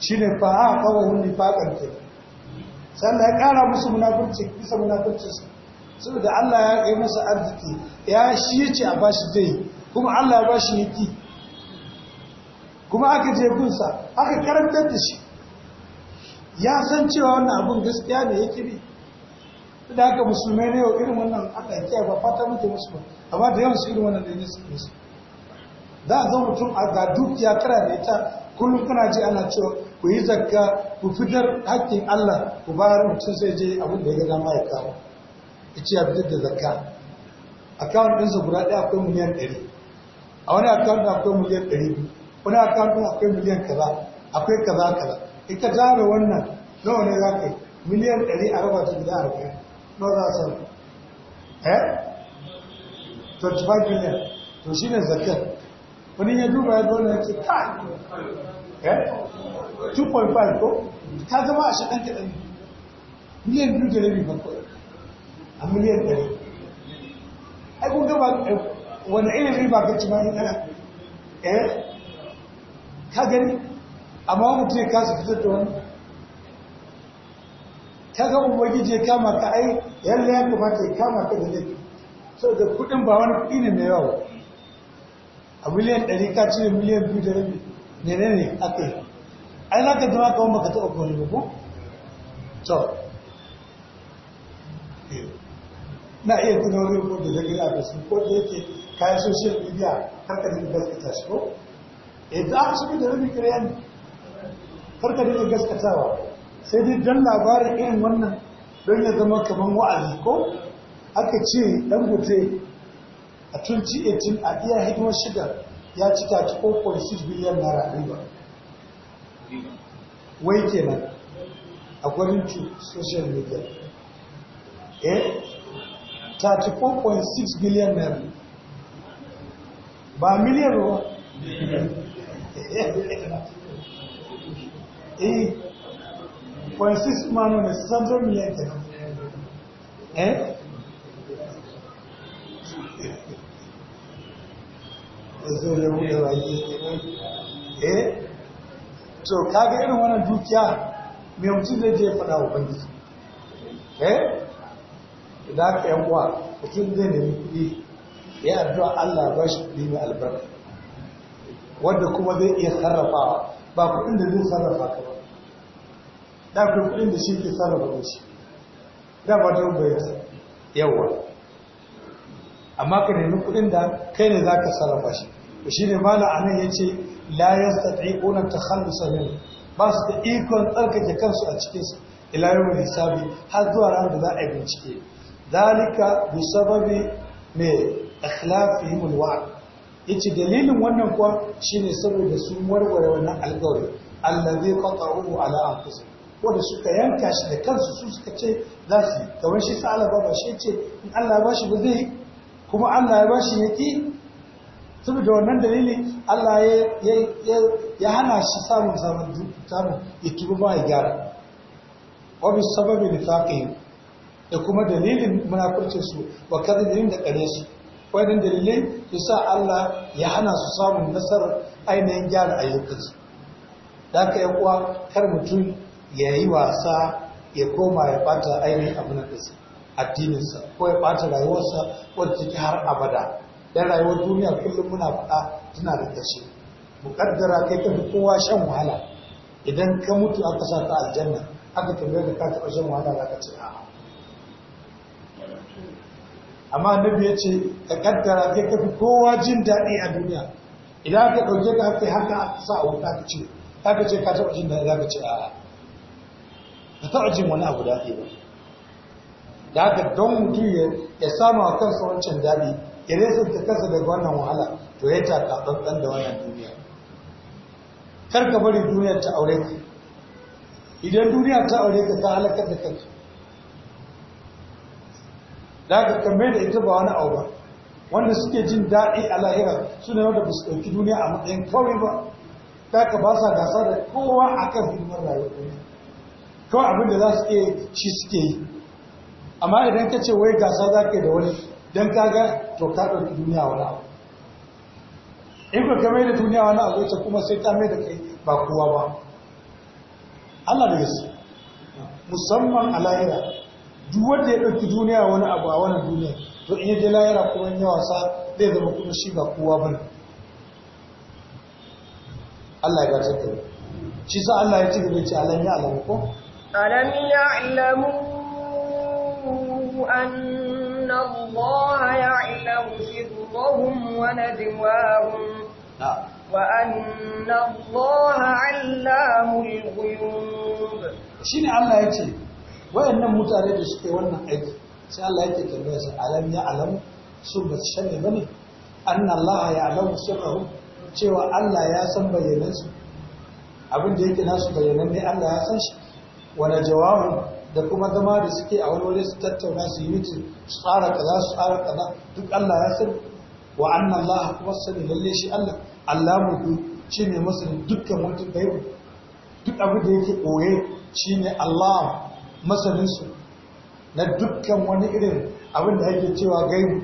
shi ne fa a kawai wani nifaƙar ke sannan ya kara musu munafurci bisa munafircinsu. saboda Allah ya kai masa arziki ya shi ce a bashi zai yi kuma Allah ya bashi niki kuma aka je gunsa aka karantar da shi ya san cewa wannan abun gaskiya ne yake bi da haka musulmai ne yau irin wannan aka yi ba fata muke musu ba amma da yawan su irin wannan da ne su za a zama mutum a ga dukiya tara da ita kullum kuna ji ana cewa ku yi zakka ku fitar haƙƙin Allah ku bayar mutum sai je abin da ya ga dama ya kawo ya ce ya fitar da zakka akawun ɗinsa guda ɗaya akwai miliyan ɗari a wani akwai akwai miliyan ɗari wani account akwai miliyan kaza akwai kaza kaza ita tara wannan nawa ne za ka yi miliyan ɗari a raba su gida rufe nawa za a samu eh 25 miliyan to shi ne zakar wani ya duba ya dole ya ce ta eh 2.5 ko ta zama a shaɗan kaɗan miliyan biyu da rabi bakwai a miliyan ɗari ai kun gaba wani irin riba ka ci bayan ɗana eh ka gani amma mutum ya kasa fitar da wani ta ga ubangiji ya kama ka ai yalla ya kamata ya kama ka da laifi so da kuɗin ba wani kudi ne mai yawa a miliyan ɗari ka cire miliyan biyu da rabi ne ne ne aka yi ai za ka zama kawon baka taɓa kone ba ko to eh, na iya tunanin ko da zagiri a kasu ko da yake kayan social media karka da gaskata shi ko idan aka shiga da rubi ƙarya ne karka da gaskatawa sai dai don labarin irin wannan don ya zama kamar wa'azi ko aka ce dangote a 2018 a iya hidimar shiga ya ci ci 4.6 biliyan naira riba wai kenan a gwanin social media eh 34.6 biliyan naira ba miliyan ruwa eh 0.6 manu ne santo miliyan kenan eh zo da waje eh to kaga irin wannan dukiya mai mutum zai je faɗa wa ubangiji eh da ka yan uwa mutum zai nemi kuɗi ya addu'a Allah ba shi kuɗi albarka wadda kuma zai iya sarrafawa ba kuɗin da zai sarrafa ka ba da kuma kuɗin da shi ke sarrafa da shi da ba ta bayar yawa amma ka nemi kuɗin da kai ne za ka sarrafa shi shi ne mana a nan ya ce la ya sat'i ƙunar ta hallusa ne ba su da ikon tsarkake kansu a cikinsu ila yau hisabi har zuwa ran da za a yi bincike zalika bi sababi mai akhlafihim alwa'd yace dalilin wannan kuwa shine saboda sun warware wannan alƙawari allazi qata'uhu ala anfusihim wanda suka yanka shi da kansu su suka ce za su kamar shi sa baba shi ce in Allah ya bashi ba zai kuma Allah ya bashi ya saboda wannan dalili Allah ya hana shi samun zaman samun ya tuba ba ya gyara bi sababi da da kuma dalilin munafurcin su wa kadin da kare su waɗannan dalilai ya sa Allah ya hana su samun nasarar ainihin gyara ayyukansu da aka yi kuwa kar mutum ya yi wasa ya koma ya bata ainihin abin da su addininsa ko ya bata rayuwarsa wadda ciki har abada dan rayuwar duniya kullum muna faɗa tana da ƙarshe muƙaddara kai ka fi kowa shan wahala idan ka mutu aka sa aljanna aka tambaye da ka taɓa shan wahala za ka ce a'a amma annabi ya ce ka kaddara ke kafi kowa jin daɗi a duniya idan ka ɗauke ka haka haka sa a wuta ka ce ka ce ka taɓa jin daɗi za ka ce a ka taɓa jin wani abu daɗi ba da haka don mutum ya samu a kansa wancan daɗi ya resa ta kansa daga wannan wahala to ya ta kaɓaɓɓen da wannan duniya kar ka bari duniyar ta aure ka idan duniya ta aure ka ka halakar da kanka da ka kamar da ita ba wani abu wanda suke jin daɗi a lahira su ne wanda ba su ɗauki duniya a matsayin kawai ba da ka ba sa gasa da kowa a kan hidimar rayuwar duniya kawai abin da za su ke shi suke yi amma idan ka ce wai gasa za ka yi da wani don ka ga to ka ɗauki duniya wani abu in ka kamar da duniya wani abu ita kuma sai ta mai da kai ba kowa ba Allah da gaske musamman a lahira duk wanda ya ɗauki duniya wani abu a wani duniya to in yadda layara kuma in wasa zai zama kuma shi ba kowa ba Allah ya gace ta shi sa Allah ya ci gaba ce alam ya alamu ko alam ya alamu na Allah ya alamu sirrahum wa najwahum وأن الله علام الغيوب Allah ya يتي wayannan mutane da suke wannan aiki sai Allah ya yake tambaya su alam ya alam su ba su ba ne? anna Allah ya alam sirrahum cewa Allah ya san bayanan su abin da yake nasu bayanan ne Allah ya san shi wala jawabu da kuma zama da suke a wani wuri su tattauna su yi mutu su tsara kaza su tsara kaza duk Allah ya san wa anna Allah kuma sani lalle shi Allah Allah mu shi ne masanin dukkan wata bayu duk abin da yake koye shine Allah masaninsu na dukkan wani irin abin da ake cewa gaibu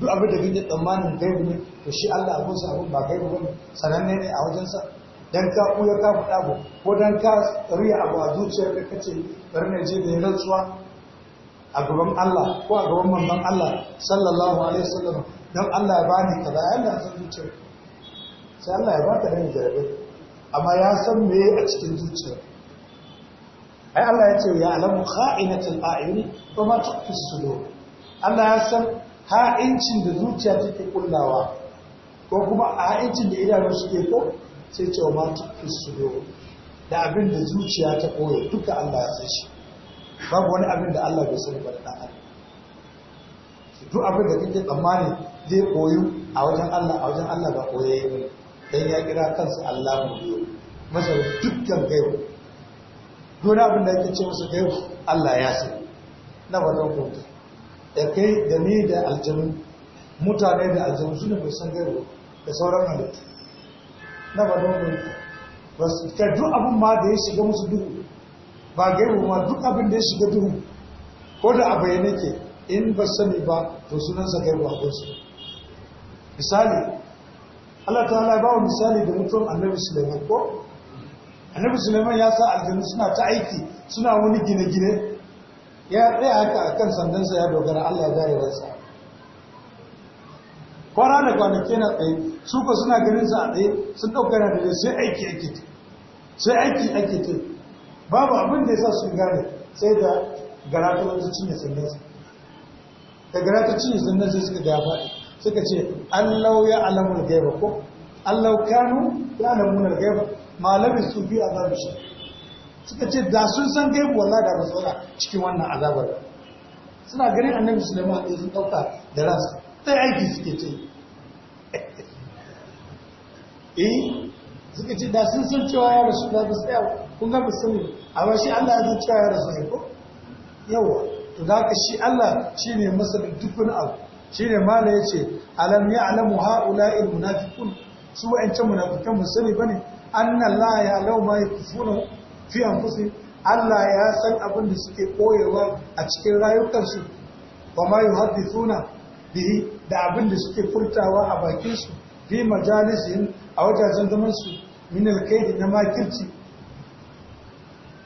duk abin da kake tsammanin gaibu ne to shi Allah abin sa abin ba gaibu ba sananne ne a wajensa dan ka kuya ka faɗa ba ko dan ka riya abu a zuciyar ka kace bari na je da ya rantsuwa a gaban Allah ko a gaban manzon Allah sallallahu alaihi wasallam dan Allah ya bani kaza Allah ya san zuciyar sai Allah ya baka dan jarabe amma ya san me a cikin zuciyar ai Allah ya ce ya alamu kha'inatul a'yuni wa ma su sudur Allah ya san ha'incin da zuciya take kullawa ko kuma ha'incin da idanu suke ko sai ce wa ma su sudur da abin da zuciya ta koyo duka Allah ya san shi babu wani abin da Allah bai sani ba da dan duk abin da kake tsammani zai koyu a wajen Allah a wajen Allah ba koyaye ba dan ya kira kansa Allah mu biyo masa dukkan gaiwa duk abin da yake ce musu kai Allah ya san. na wajen kuma da kai da ni da aljanu mutane da aljanu su ne bai san gaibu da sauran halittu na wajen kuma Ka duk abin ma da ya shiga musu duhu ba gaibu ma duk abin da ya shiga duhu ko da a ya ke in ba sani ba to sunansa gaibu a gunsu misali Allah ta halaye ba wa misali da mutum annabi Sulaiman ko annabi suleiman ya sa aljanu suna ta aiki suna wani gine-gine ya tsaya haka a kan sandansa ya dogara allah ya daya wasa kwana da kwanaki na tsaye su ko suna ganin sa a tsaye sun ɗauka na da sai aiki ake ta sai aiki ake ta babu abin da ya sa su gane sai da gara ta wata cinye sandansa da gara ta cinye sandansa suka ga ya faɗi suka ce allau ya alamun gaiba ko allau kanu ya alamul gaiba malamin su biyu azabar shi suka ce da sun san kai wallah da rasuwa cikin wannan azabar suna ganin annabi Sulaiman ɗaya sun ɗauka da rasu sai aiki suke ce eh suka ce da sun san cewa ya rasu da bisa yau kun ga ne a ba shi Allah ya san cewa ya rasu ne ko yawa to da ka shi Allah shi ne masa dukkan abu shi ne mala ya ce alam ya alamu ha'ula'il munafikun su wa'ancan munafikan musulmi ne? anna Allah ya lau ma yakfuna fi anfusihim Allah ya san abin da suke koyarwa a cikin rayukansu wa ma yuhaddithuna bihi da abin da suke furtawa a bakinsu su fi majalisihim a wajajen zaman su min alkaidi na makirci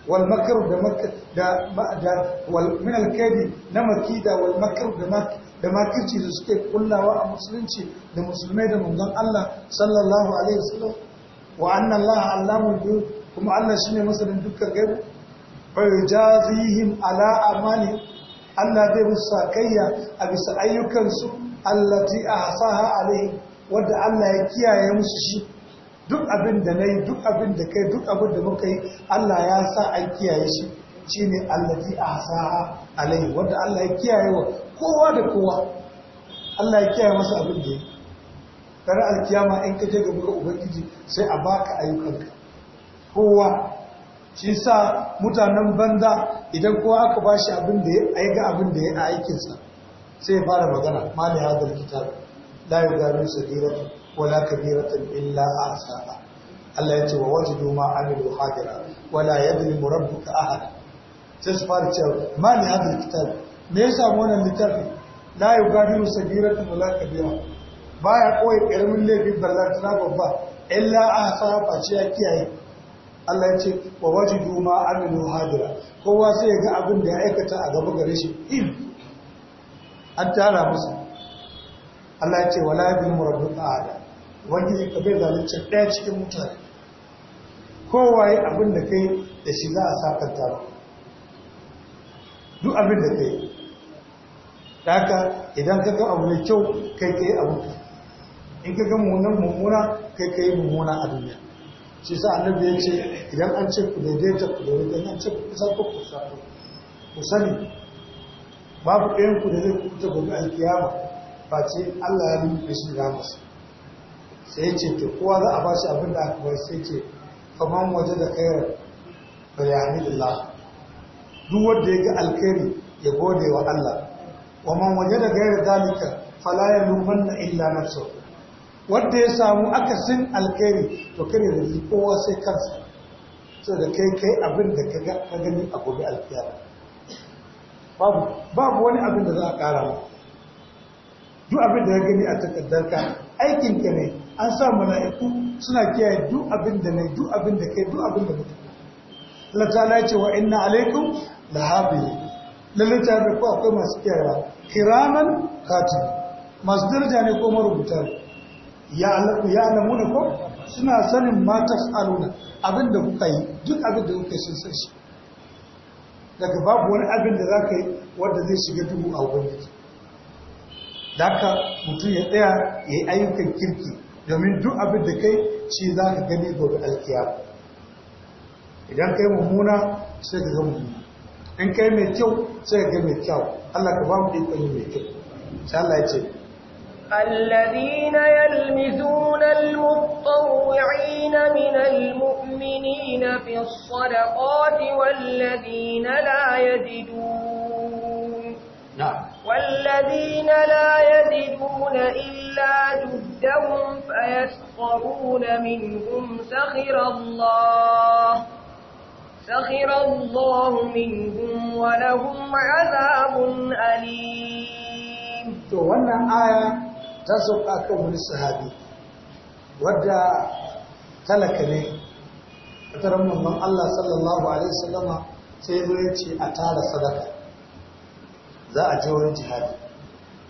wal makr da da da wal min alkaidi na makida wal makr da makir da makirci da suke kullawa a musulunci da musulmai da manzon Allah sallallahu alaihi wasallam wa anna Allah allamun ghuyub kuma Allah shine masanin dukkan gaibu fa yujazihim ala amali Allah zai musu sakayya a bisa ayyukansu allati ahsaha alaihi wanda Allah ya kiyaye musu shi duk abin da nayi duk abin da kai duk abin da muka yi Allah ya sa an kiyaye shi shine allati ahsaha alaihi wanda Allah ya kiyaye wa kowa da kowa Allah ya kiyaye masa abin da yake tare alkiyama in ka je gaba ga ubangiji sai a baka ayyukanka kowa shi sa mutanen banza idan kowa aka ba shi abin da ya ga abin da ya a aikinsa sai ya fara magana ma da hadar kitab la yugaru sadiratan wala kabiratan illa asaba Allah ya ce wa wajidu ma amilu hadira wala yadlimu rabbuka ahad sai su fara cewa ma da hadar kitab me yasa wannan littafi la yugaru sadiratan wala kabira baya koyi karamin laifin barlatana babba illa a saba ce ya kiyaye Allah ya ce wa wajidu duma aminu hadira kowa sai ya ga abin da ya aikata a gaba gare shi in an tara musu Allah ya ce wala yadhlimu rabbuka ahada wani ka bai zalunci ɗaya cikin mutane kowa yi abin da kai da shi za a sakanta ba duk abin da kai haka idan ka ga abu mai kyau kai kai kai in ka ga mummunan mummuna kai ka yi mummuna a duniya shi sa annabi ya ce idan an ce ku daidaita ku daidaita idan an ce ku kusa ku kusa ku sani babu ɗayan ku da zai kuta gobe alkiyama ce Allah ya rufe shi da sai ya ce to kowa za a ba shi abin da aka bai sai ce kamar waje da da bayanillah duk wanda ya ga alkhairi ya gode wa Allah wa man waje da gairar dalika fala ya lumanna illa nafsuhu wanda ya samu akasin alkhairi to kare da kowa sai kansa so da kai kai abin da ka gani a gobe alkiyama babu babu wani abin da za a kara ba duk abin da ya gani a takaddarka aikin ka ne an sa mala'iku suna kiyaye duk abin da ne duk abin da kai duk abin da mutum Allah ya ce wa inna alaikum lahabi lalle ta da ku akwai masu kiyaye kiraman katib masu daraja ne ko marubuta ne ya alamuna ko suna sanin matas aluna abinda kuka yi duk abinda kuka sun san shi daga babu wani abinda za ka yi wanda zai shiga dubu a wani da ka mutum ya tsaya ya yi ayyukan kirki domin duk abinda kai shi za ka gani gobe alkiya idan kai mummuna sai ka ga mummuna in kai mai kyau sai ka ga mai kyau Allah ka ba mu ikon mai kyau sai ya ce الذين يلمزون المطوعين من المؤمنين في الصدقات والذين لا يجدون نعم والذين لا يجدون إلا جهدهم فيسخرون منهم سخر الله سخر الله منهم ولهم عذاب أليم to wannan aya ta sauka kan wani sahabi wadda talaka ne a taron mamman Allah sallallahu alaihi sallama sai ya ce a tara sadaka za a je wani jihadi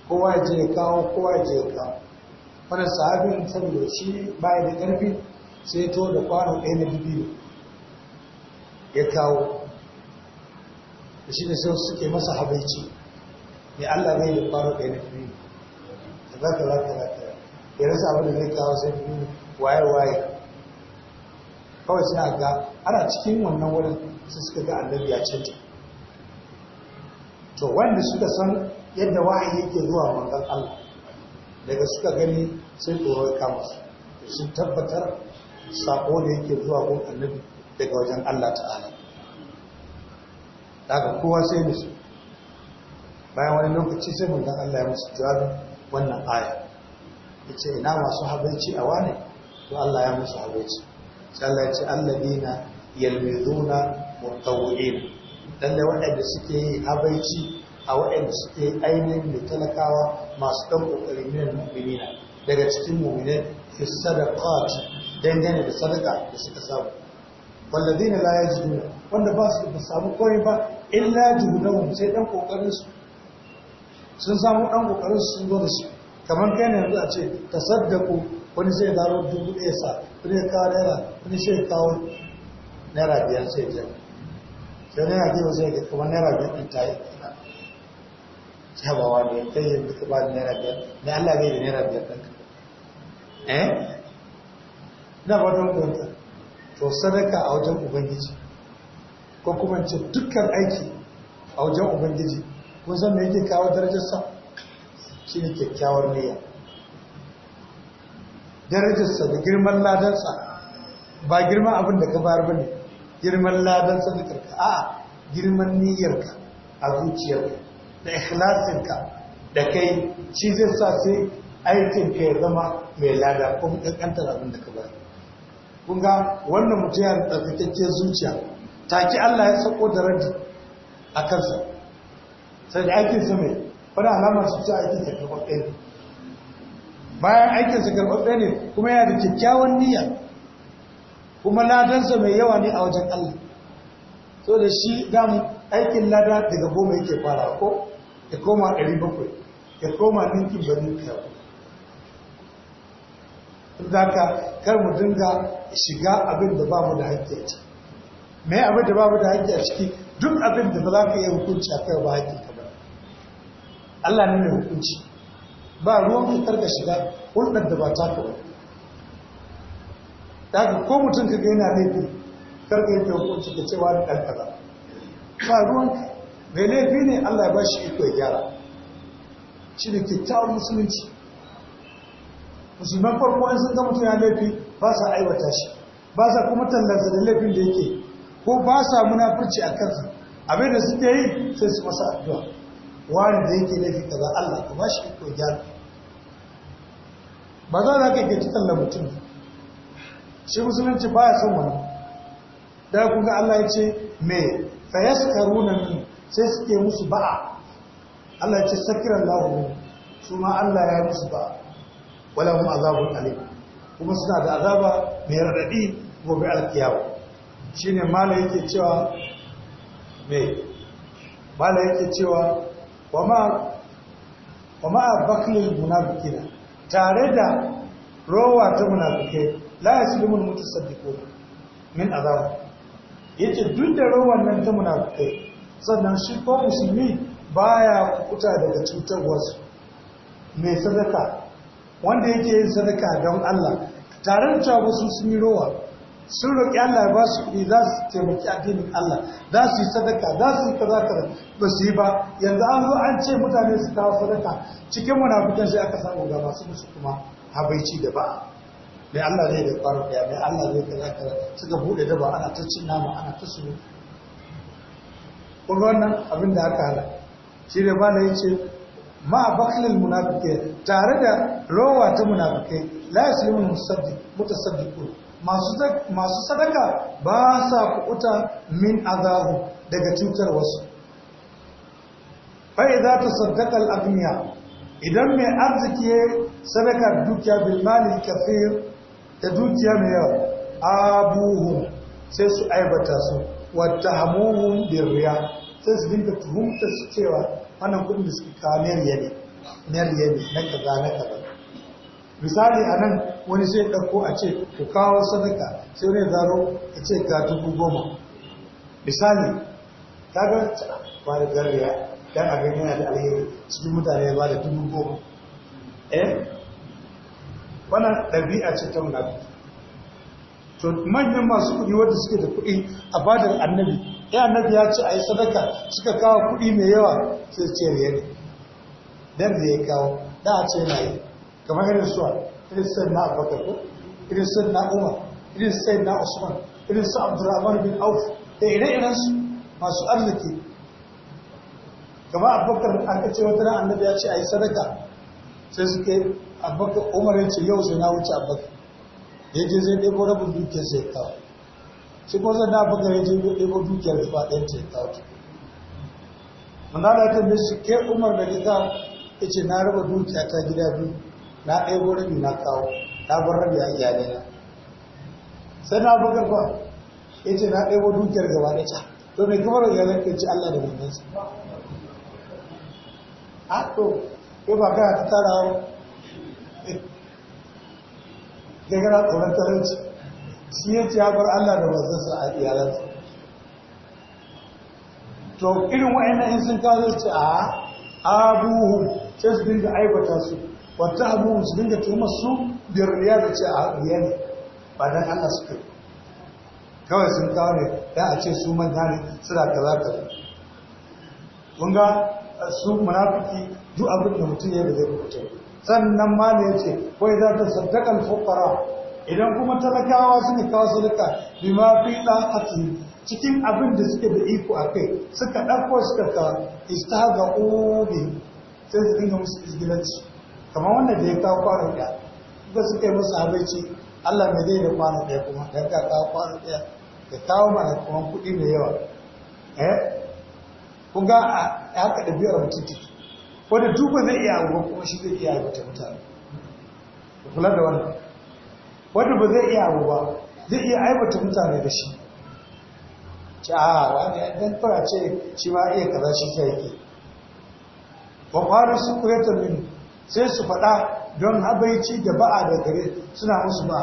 kowa ya je kawo kowa ya je kawo wani sahabin saboda shi baya da ƙarfi sai to da kwano ɗaya na dubiyo ya kawo da shi da sai suke masa habaici ne Allah bai da kwano ɗaya na dubiyo za ka lati ka za ya rasa abin da zai kawo sai biyu waye waye kawai suna ga ana cikin wannan wurin su suka ga annabi ya canja to wanda suka san yadda wahayi yake zuwa manzon Allah daga suka gani sai tsoro ya kama su sun tabbatar sako da yake zuwa gun annabi daga wajen Allah ta'ala daga kowa sai musu bayan wani lokaci sai manzon Allah ya musu jawabin? wannan aya ya ce ina masu habaici a wani? to Allah ya musu habaici sai Allah ya ce allabina yalmizuna mutawwi'in lalle waɗanda suke yi habaici a waɗanda suke ainihin mai talakawa masu ɗan ƙoƙarin minan mu'minina daga cikin mu'minai fi sadaqat dangane da sadaka da suka samu walladina la yajiduna wanda ba su samu komai ba illa juhudahum sai ɗan su. sun samu ɗan ƙoƙarin sun zo da su kamar kai ne yanzu a ce ta saddaku wani sai daro dubu ɗaya sa wani ya kawo naira wani sai ya kawo naira biyar sai ya sai naira biyar sai ya kamar naira biyar ɗin ta yi jabawa ne kai yanzu ka ba da naira biyar ne Allah bai da naira biyar ɗin eh na ba don to sadaka a wajen ubangiji ko kuma ce dukkan aiki a wajen ubangiji kun san me yake kawo darajarsa shi ne kyakkyawar niyya darajarsa da girman ladansa ba girman abin da ka bayar ba ne girman ladan karka, a'a girman niyyarka a zuciyarka da ikhlasinka da kai shi zai sa sai aikin ka ya zama mai lada ko kankantar abin da ka bayar kun ga wannan mutum ya tsarkakakken zuciya take Allah ya sako da radi a kansa sai da aikin su mai wani alamar su ci aikin sa karɓaɓɓe ne bayan aikin sa karɓaɓɓe ne kuma yana da kyakkyawan niyya kuma ladansa mai yawa ne a wajen Allah so da shi dam aikin lada daga goma yake fara ko ya koma ɗari bakwai ya koma ninkin ba ninkin za ka kar mu dinga shiga abin da babu da hakki a ciki mai abin da babu da haƙƙi a ciki duk abin da ba za ka yi hukunci a kai ba haƙƙi ka Allah ne mai hukunci ba ruwan fitar ka shiga hulɗar da ba ta ta ga ko mutum ka gaina laifi karka yake hukunci ka cewa da ɗarkaza ba ruwan mai laifi ne Allah ba shi iko ya gyara shi da kyakkyawan musulunci musulman farko in sun ga mutum ya laifi ba sa aiwata shi ba sa kuma tallarsa da laifin da yake ko ba sa munafurci a kansa abin da suke yi sai su masa addu'a wanda da yake laifi kaza Allah ka ba shi ko gyara ba za ka ke cikin da mutum shi musulunci ba ya son wani da kun ga Allah ya ce me na min sai suke musu ba'a Allah ya ce sakiran lahu su ma Allah ya yi musu ba'a wala mu azabun alim kuma suna da azaba mai raɗaɗi gobe alkiyawa shine mala yake cewa me mala yake cewa wa ma'a bakilin munafikina tare da rowa ta munafike laye su limin mutu saddiko min ya ce, duk da rowan nan ta munafike sannan shi ko musulmi ya kuta daga cutarwarsu mai sadaka wanda yake yin sadaka don Allah tare da cewa sun yi rowa sun roƙi Allah ya ba su kuɗi za su taimaki addinin Allah za su yi sadaka za su yi kaza kaza ba su yi ba yanzu an zo an ce mutane su kawo sadaka cikin munafikan sai aka samu ga masu musu kuma habaici da ba mai Allah zai da kwaro ɗaya mai Allah ne kaza kaza suka buɗe daba ana ta cin nama ana ta su kuma wannan abin da aka hala shi ne ba na yace ma baklil munafikai tare da rawa ta munafikai la yaslimu musaddiq mutasaddiqun masu sadaka ba sa kuɓuta min azahu daga cutar wasu fa'i za ta sadaka al'aduniya idan mai arziki ya sadaka dukiya bilmani kafir da dukiya mai yawa abuhun sai su aibata su wata hamuhun birriya sai su dinka tuhumta su cewa wannan kudin da suka kawo meriyar ne na kaza na kaza misali a nan wani sai ɗauko a ce ku kawo sadaka sai wani zaro a ce ga dubu goma misali ta ga ba da garriya dan a gani yana da alheri cikin mutane ba da dubu goma eh wannan ɗabi'a ce ta munafiki to manyan masu kuɗi wanda suke da kuɗi a badar annabi ya annabi ya ce a yi sadaka suka kawo kuɗi mai yawa sai ce ne dan da ya kawo da a ce na yi kamar irin suwa irin sai na abubakar ko irin sai na umar irin sai na usman irin su abdurrahman bin auf da ire-iren masu arziki gaba abubakar an ka ce wata ran ya ce a yi sadaka sai suke abubakar umar ya ce yau sai na wuce abubakar ya je zai ɗebo rabin dukiyar sai kawo shi ko zai na abubakar ya je zai ɗebo dukiyar gaba ɗayan sai kawo manzala ta bi su ke umar da gida ya ce na raba dukiya ta gida biyu na ɗaya rabi na kawo na bar rabi a iyalai na sai na bugar ba ya ce na ɗaya dukiyar gaba da ta to mai kamar ya zai kai ci Allah da wannan su a to ya ba kai ta tara wa ke gara tsoron talauci shi ya ce ya bar Allah da wannan su a iyalansa to irin wa'annan in sun kawo ce a abuhu sai su dinga aibata su wata abu su dinga tuhumar su biyar riya da ce a riya ne ba dan Allah su yi kawai sun kawo ne Da a ce su manta ne da kaza kaza kun ga su munafiki duk abin da mutum ya da zai kuce sannan ma ne ce kawai za ta saddaqal fuqara idan kuma talakawa ne kawo sadaka ma fi da'ati cikin abin da suke da iko a kai suka ɗauko suka ka istaga ubi sai su dinga musu izgilanci kamar wanda da ya kawo kwano ɗaya ba suka yi musu abinci Allah mai zai da kwano ɗaya kuma da ka kawo kwano ɗaya da kawo mana kuma kuɗi mai yawa eh kun ya a haka ɗabi'ar mutum take wanda duk zai iya abuwa kuma shi zai iya abuta mutane kula da wannan wanda ba zai iya abuwa zai iya aibata mutane da shi ci a ah, wani ɗan fara ce shi ma iya kaza shi ta yake wa kwanar sun kuyatar mini sai su faɗa don habaici da ba'a da gare suna musu ba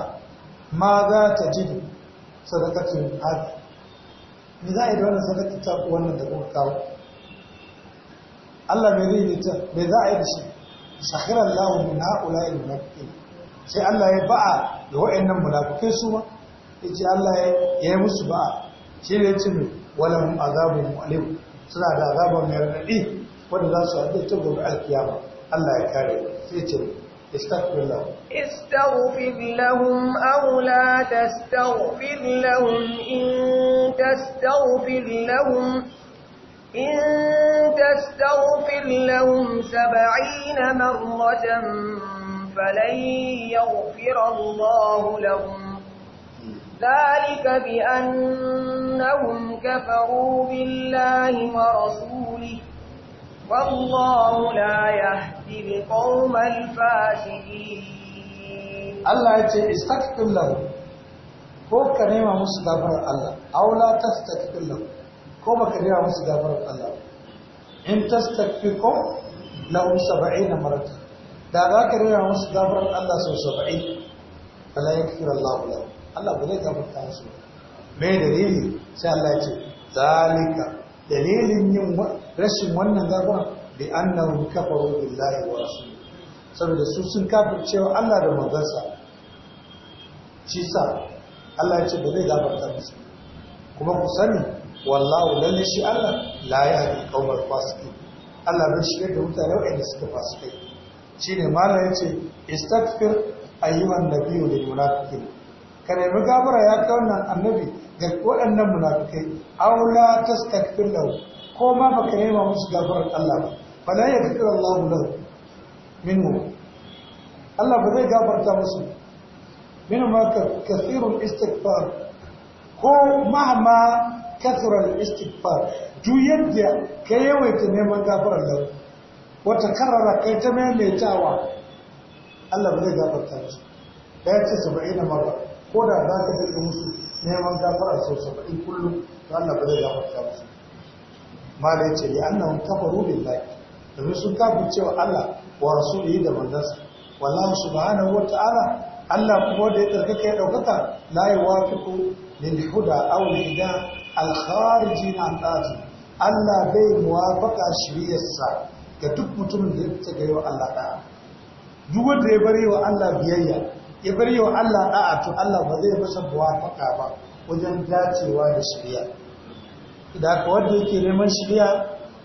ma za ta ji sadakatun hadi ni za a yi da wannan sadakatun ta wannan da kuma kawo Allah mai rini ta mai za a yi da shi sakhirar lahun min haƙula yin munafukai sai Allah ya ba'a da wa'in nan munafukai su ma ya ce Allah ya yi musu ba'a shi ne ce mai walan azabun mu'alim suna da azabar mai raɗaɗi wanda za su haɗe ta gobe alkiyama Allah ya kare fice istaghfirullah istaghfir lahum aw la tastaghfir lahum in tastaghfir lahum in tastaghfir lahum 70 marratan falan yaghfir Allah lahum dhalika bi annahum kafaru billahi wa rasulihi wallahu la Allah ya ce istaghfir lau, ko ka nema musu gafarar Allah aula ta tastaghfir lau, ko ka nema musu gafarar Allah in lau saba'i na marata da za ka nema musu gafarar Allah sau 70 fala yakfir Allah lahu Allah ba zai ta su. me dalili sai Allah ya ce zalika dalilin yin rashin wannan gafara bi annahum kafaru billahi wa rasulihi saboda su sun cewa Allah da manzansa shi sa Allah ya ce ba zai gafarta musu kuma ku sani wallahu lalle shi Allah la yahdi qawmal fasiqin Allah bai shirye da mutane waɗanda suka fasikai shine malam yace istaghfir ayyuhan nabiyyu lil munafiqin kana mu gafara ya ka wannan annabi ga waɗannan munafikai aula la tastaghfir lahu ko ma baka nema musu gafarar Allah ba fala yaghfir Allahu lahu minhu Allah ba zai gafarta musu min ma kathirul istighfar ko mahama kathral istighfar duk yadda ka yawaita neman gafarar da wata karara kai ta maimaitawa Allah ba zai gafarta musu da ya ce saba'in na marra ko da za ka daga musu neman gafara sau saba'in kullum to Allah ba zai musu ya ce domin sun kafin cewa Allah wa rasu da manzansa wallahi subhanahu wa ta'ala Allah kuma da ya tarkaka ya daukaka la yuwafiqu lil huda aw lil hida al kharijin an ta'ati Allah bai muwafaqa shiriyarsa ga duk mutumin da ya fita Allah ɗaya. duk wanda ya bari wa Allah biyayya ya bari wa Allah da'a to Allah ba zai masa muwafaka ba wajen dacewa da shiriya Da ka wanda yake neman shiriya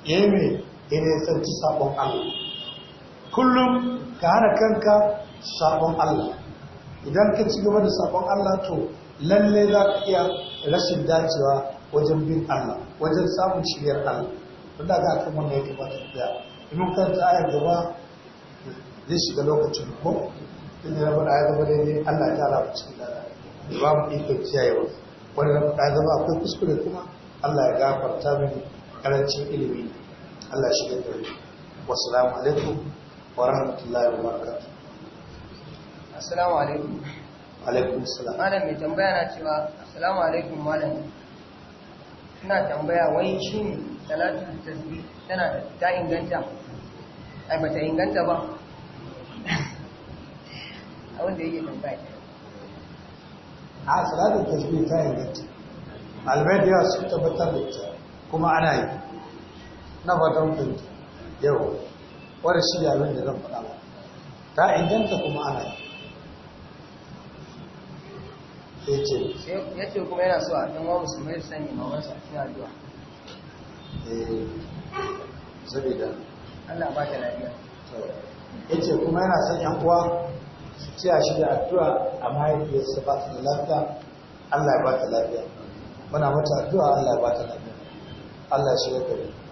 yayi mai Ina ya sauci sabon Allah kullum ka hana kanka sabon Allah idan ka ci gaba da sabon Allah to lalle za ka iya rashin dacewa wajen bin Allah wajen samun shiryar Allah wanda ga kan wannan ya kamata da in kan ta ayar gaba zai shiga lokacin ko inda ya faɗa da zama daidai Allah ya ala cikin da ba mu ikon ciyayewa wanda na faɗa zama akwai kuskure kuma Allah ya gafarta mini karancin ilimi Allah shi da gari wassalamu alaikum wa rahmatullahi wa barakatuh assalamu alaikum alaikum assalam malam mai tambaya na cewa assalamu alaikum malam ina tambaya wai shin salatu tasbih tana ta inganta ai ta inganta ba a wanda yake tambaya a salatu tasbih ta inganta albaidiyar sun tabbatar da ita kuma ana yi na fatan ku yau wadda shi da abin da zan faɗa ba ta inganta kuma ana yi ya ce kuma yana so a ɗan wa musulmai mai sani ma wasu cikin eh saboda Allah ba ta lafiya ya ce kuma yana son yan uwa su a shi da addu'a a mahaifiyarsa ba ta lafiya Allah ya ba ta lafiya muna mata addu'a Allah ya ba ta lafiya Allah shi ya kare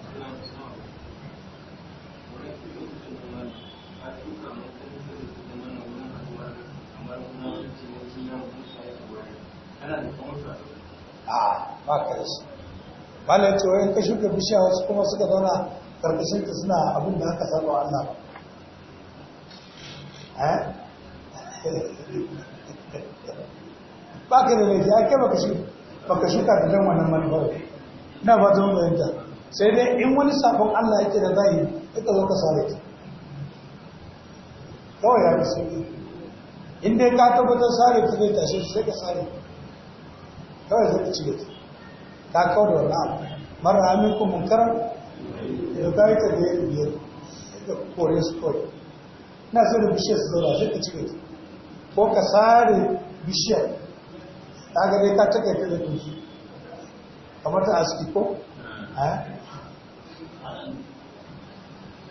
a ba ka da shi malam cewa in ka shuka bishiya wasu kuma suka zauna karkashin ta suna abin da aka saba Allah eh? ba ka da laifi ake baka shuka ta jan wannan manufar na ba zan bayanta sai dai in wani safon Allah yake da zai ita zo ka sare ta kawai ya fi sauki in dai ka tabbatar sare ta zai tashi sai ka sare kawai zai ci da ta ta kawo da wani abu mara amin ku munkara ya ga ita da ya biyar da kore su kore na so da bishiyar su zauna zai ka ci da ko ka sare bishiyar ta ga dai ka take ta da kamar ta asiki ko ah. eh?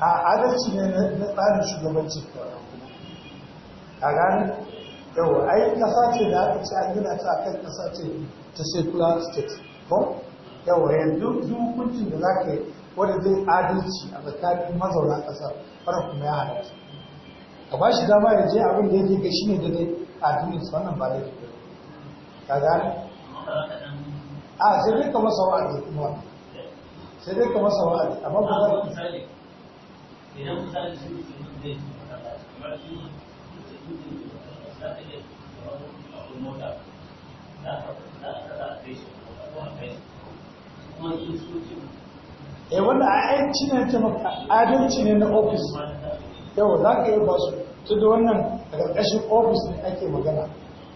a adalci ne na tsarin shugabanci a gani yau ai kasa ce da aka ce an gina ta kan kasa ce ta secular state ko yau yanzu hukuncin da za ka yi wadda zai adalci a tsakanin mazauna ƙasar fara kuma ya halarci. a ba shi dama ya je abin da ya ga shi ne da dai a wannan ba da ke ka gani a ah, sai dai kama sawa wa'azi kuma sai dai kama sawa wa'azi amma ba za ka ne eh wannan adalci ne ta maka na ofis yau za ka yi ba su tun da wannan a ƙarƙashin ofis ne ake magana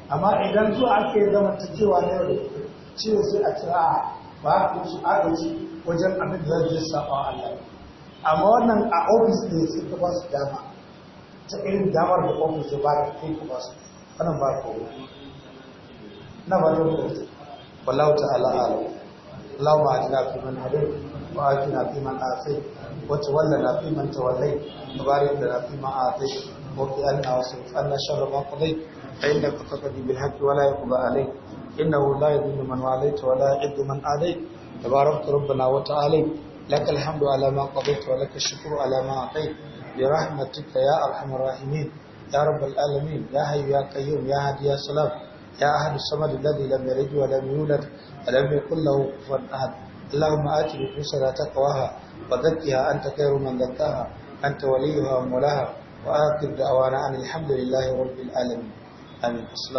amma idan zuwa ake zama ta cewa na yau ce sai a kira ba ku su arziki wajen abin da zai a Allah amma wannan a ofis ne su ta ba su dama ta irin damar da ofis su ba da kai ku ba su kana ba ku na ba don ku wallahu ta'ala alu lau ma ajina fi man hadu wa ajina fi man afi wa walla na fi man tawallai mubarak da na fi man afi wa fi anna wasu anna sharra ba kudai فإنك تقتدي بالحق ولا يقبى عليك إنه لا يذل من واليت ولا يعد من آليت تباركت ربنا وتعاليت لك الحمد على ما قضيت ولك الشكر على ما أعطيت برحمتك يا أرحم الراحمين يا رب العالمين يا حي يا قيوم يا هادي يا سلام يا أحد الصمد الذي لم يلد ولم يولد ولم يكن له كفوا أحد اللهم آت نفوسنا تقواها وزكها أنت خير من زكاها أنت وليها ومولاها وآخر دعوانا أن الحمد لله رب العالمين آمين